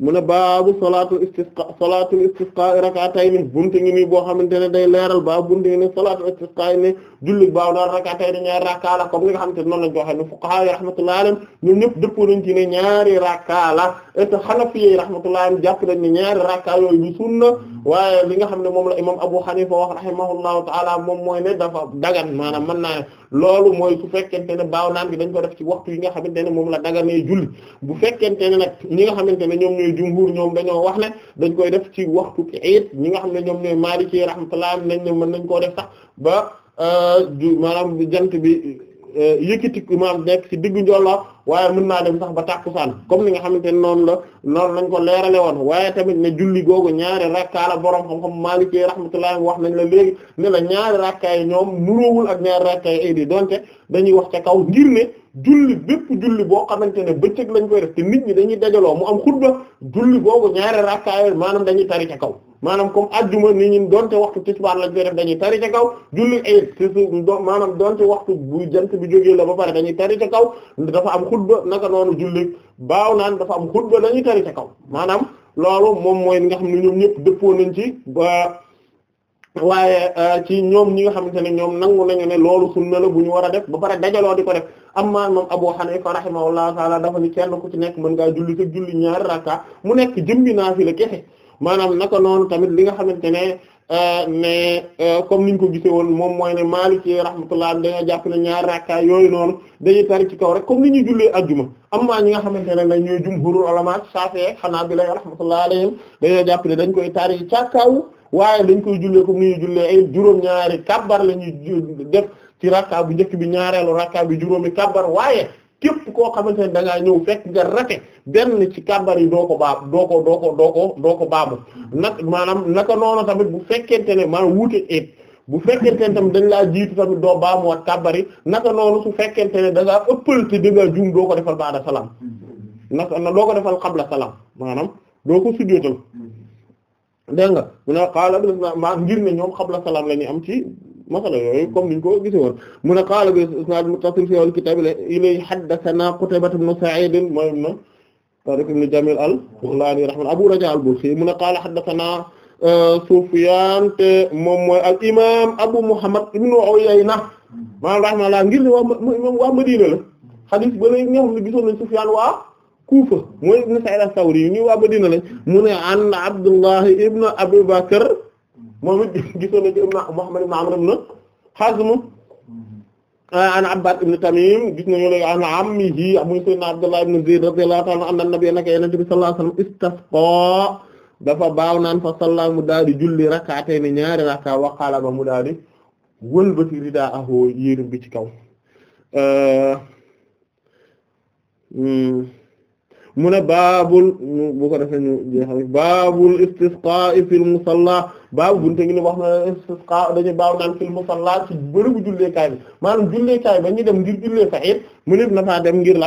mu ne baabu salaatul istisqa salaatul istisqa rak'atayni buntu ngi nii boo xamante ne day leeral baabu buntu ngi nii salaatul istisqa ne julli baaw daal rak'atayni ñaari rakka la comme ni nga xamante ne noonu lañ ko waxee ne fuqaha yi rahmatullahi alayhim ñoom ñëpp dëppoo nañ ci ñaari rakka la et que Hanafi yi rahmatullahi alayhim jàpp nañ ne ñaari rakka yooyu du sunna waaye li nga xam ne moom la imam Abu Hanifa wax rahimahullahu ta'ala moom mooy ne dafa dagan maanaam mën naa loolu mooy su fekkente ne baaw naan bi dañ ko def ci waxtu yi nga xamante ne moom la daganee julli bu fekkente ne nag ñi nga xamante ne ñoom ñooy jumhur ñoom dañoo wax ne dañ koy def ci waxtu iid ñi nga xam ne ñoom ñooy maaliki rahmatullah nañ ne mën nañ koo def sax ba euh, maanaam jant bi Euh, yëkkati maam nekk ci diggu njolloo waaye mun naa dem sax ba tàkkusaan comme ni nga xamante ne noonu la noonu lañ ko leerale woon waaye tamit ne julli googu ñaari rakkaa la boroom xam-xam Maliki rahmatullah wax nañ la léegi ne la ñaari rakkaa yi ñoom nuróowul ak ñaari rakkaa yi idi donte dañuy wax ca kaw ngir ne julli bépp julli boo xamante ne bëccëg lañ koy def te nit ñi dañuy dajaloo mu am xutba julli boobu ñaari rakkaay maanaam dañuy tari ca kaw maanaam comme ajjuma nit ñi donte waxtu tisbaar lañ koy def dañuy tari kaw julli ayib maanaam donte waxtu bu jant bi jógee la ba pare dañuy tari kaw dafa am xutba naka noonu julli baaw naan dafa am xutba dañuy tari ca kaw maanaam loolu moom mooy nga xam ne ñoom ñëpp dëppoo nañ ci ba. waaye euh, ci ñoom ñi nga xamante ne ñoom nangu nañu ne loolu sunna la bu ñu war a def ba pare dajaloo di ko def amma imam Abu Hanifa rahimahullahu taala dafa ni kenn ku ci nekk mën ngaa julli sa julli ñaari rakka mu nekk jëmbi naafila kese maanaam naka noonu tamit li nga xamante ne mais euh, euh, comme niñ ko gisee woon moom mooy ne Maliki rahmatullah dañoo jàpp ne ñaari rakka yooyu noonu dañuy tari ci kaw rek comme ni ñuy jullee ajjuma amma ñi nga xamante ne nag ñooy jumhurul ulama Shafi'i Hanabila rahmatullah alayhim dañoo jàpp ne dañ koy tari ci kaw waaye dañ koy jullee comme ni ñuy jullee juróom-ñaari kabbar la ñuy def. ci rakka bu njëkk bi ñaareelu rakka bi juróomi kàbbar waaye képp koo xamante ne da ngaa ñëw fekk nga rate benn ci kàbbar yi doo ko baab doo ko doo doo ko doo ko baabu nag maanaam naka noonu tamit bu fekkente ne maanaam wuute bu fekkente ne tamit dañ laa jiitu tamit doo baamuwaat kàbbar yi naka noonu su fekkente ne da ngaa ëppal te da ngaa juum doo ko defal baada salaam naka na doo ko defal xabla salaam maanaam doo ko sujjóotal mm-hmm. dégg nga mu ne qaala ngir ne ñoom qabla salaam la ñu am ci masala yooyu comme ko gise woon mu ne qaala bi isnaad muttasil fi ilay haddathana Qutayba ibn Sa'id mooy na Tariq ibn Jamil al-Baghlani rahimahullah Abu Raja al mu ne qaala haddathana euh, Sufyan mooy al imam Abu Muhammad ibn Uyayna maanaam rahimahullah ngir la hadith ba léegi nga xam ne gisoon nañ Sufyan waa Kufa mooy ibn Sa'id al-Thawri yi an Abdullah ibn Abi Bakr moom it gisoon na ci ibn Muhammad ibn Amr ibn Hazm ah, an Abbad gis nañu léegi an ammihi muy sayyidina Abdullah ibn Zayd radiyallahu ta'ala anhu anna nabiyya naka yonent bi dafa baaw naan fa salla mu daal di julli rak'atayn ñaari rak'a wa qalaba mu daal di wëlbati ridaahu yéeru bi ci kaw mu ne baabul bu ko defee baabul istisqaa'i fil musalla baabu bunte ngi ne wax na istisqa dañuy baaw naan fil musalla ci bërëbu julleekaay bi maanaam julleekaay ba ñu dem ngir jullee fa it mu ne na faa dem ngir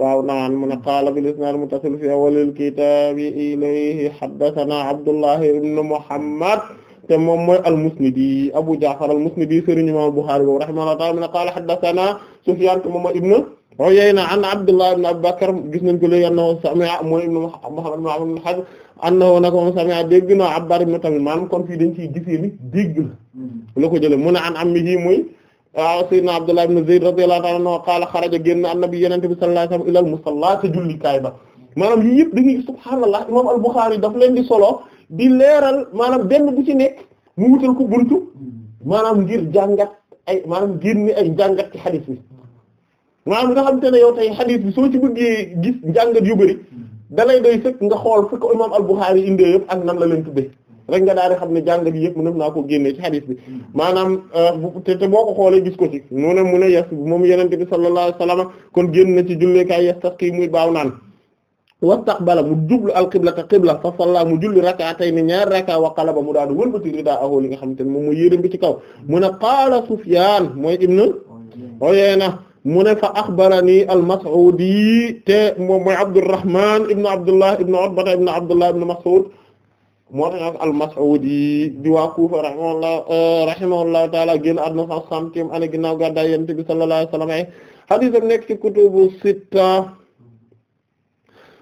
baaw naan mu ne qaala bil isnaad muttasil fi awwalil kitaabi ilayhi haddathana Abdullahi ibn Muhammad te moom mooy al-Musnidi Abu Ja'far al-Musnidi sëriñ Imam Bukhari boobu rahimahullahu ta'ala mu a qaala haddathana Sufyan te moom mooy ibn Uyayna an Abdullah ibn Abi Bakr gis nañ ko léegi annahu sami'a mooy ibn Muhammad ibn Hazm annahu nag moom sami'a dégg na Abbar ibn Tamim maanaam kon fii dañ ciy gisee ni dégg la mm-hmm. la ko jëlee mu ne an ammihi muy ah, sayyidina Abdullah ibn Zayd radiyallahu ta'ala anhu qaala xaraja génn annabi yenente bi sallallahu alayhi wasallam ilal musalla te jullikaay ba maanaam yii yëpp dañuy subhaanallah imam al-Bukhari daf leen di solo di leeral maanaam benn bu ci nekk mu wutal ko buntu mm-hmm. maanaam ngir jàngat ay maanaam ngir ni ay jàngat ci xadis bi maanaam nga xam te ne yow tey xadis bi ci bëggee gis njàngat yu dalay doy fekk nga xool fi ko imam al-Bukhari indee yëpp ak nan la leen tuddee rek nga daal di xam ne jàngat yi yëpp mu def naa ko génnee ci hadith bi maanaam euh, te te boo ko xoolee gis ko ci mu ne mu ne yes moom yenente bi sallallahu alayhi wasallam kon génn na ci julleekaay yastasqi muy baaw naan wastaqbala mu jublu alqiblata qibla fa salla mu julli rak'atayn ñaar raka wa qalaba mu daal di wëlbati ridaahu li nga xam te moom mooy yére bi ci kaw mu ne qaala Sufyaan mooy ibnu Uyayna mu ne fa axbarani al-Mas'udi te moom mooy Abdurrahman ibn Abdullah ibn Utba ibn Abdullah ibn Mas'ud moo tax al-Mas'udi di waa Kufa rahimahullah taala génn àdduna cent soixantième année ginnaaw gàddaay Yonent bi sallallahu alayhi wa ay hadiis nekk ci kutubu sitta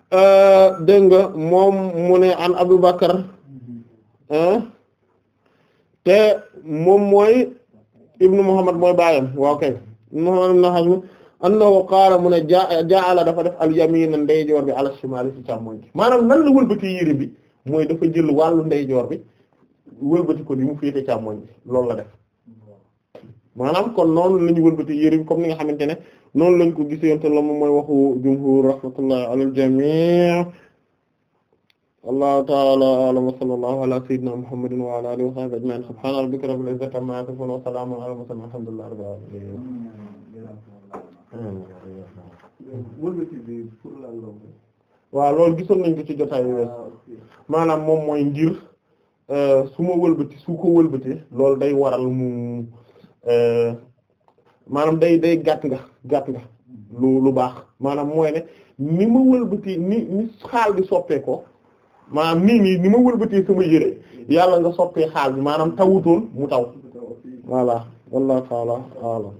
euh, dégg moom mu ne an Abu Bakr te moom mooy ibnu Muhammad mooy baayam waaw kay Muhammad ibn Hazm annahu qaala mu ne ja'ala dafa def al-yamiina ndeyjoor bi ala shimaali ci càmmoñ bi maanaam nan la wëlbati yére bi mooy dafa jël wàllu ndeyjoor bi wëlbati ko ni mu féete càmmoñ bi loolu la def maanaam kon noon la ñu wëlbati yére bi comme ni nga xamante ne noonu lañ ko gisee te loolu moom mooy waxu jumhuur rahmatullahi alal jamii wallahu ta'ala a'lam wa sallallahu ala sayyidina muhammadin wa ala alihi wa sahbihi ajma'in subhana rabbika rabbil izzati amma waaw loolu gisoon nañ ko ci jotaay wees maanaam moom mooy ngir euh, su ma wëlbati su ko wëlbati loolu day waral mu euh, maanaam day day gàtt nga gàtt nga lu baax maanaam mooy ne ni ma wëlbati ni ni xaal bi soppee ko maanaam nii nii ni ma wëlbatee sama yére yàlla nga soppee xaal bi maanaam tawutoon mu taw voilà wallahu ta'ala a'lam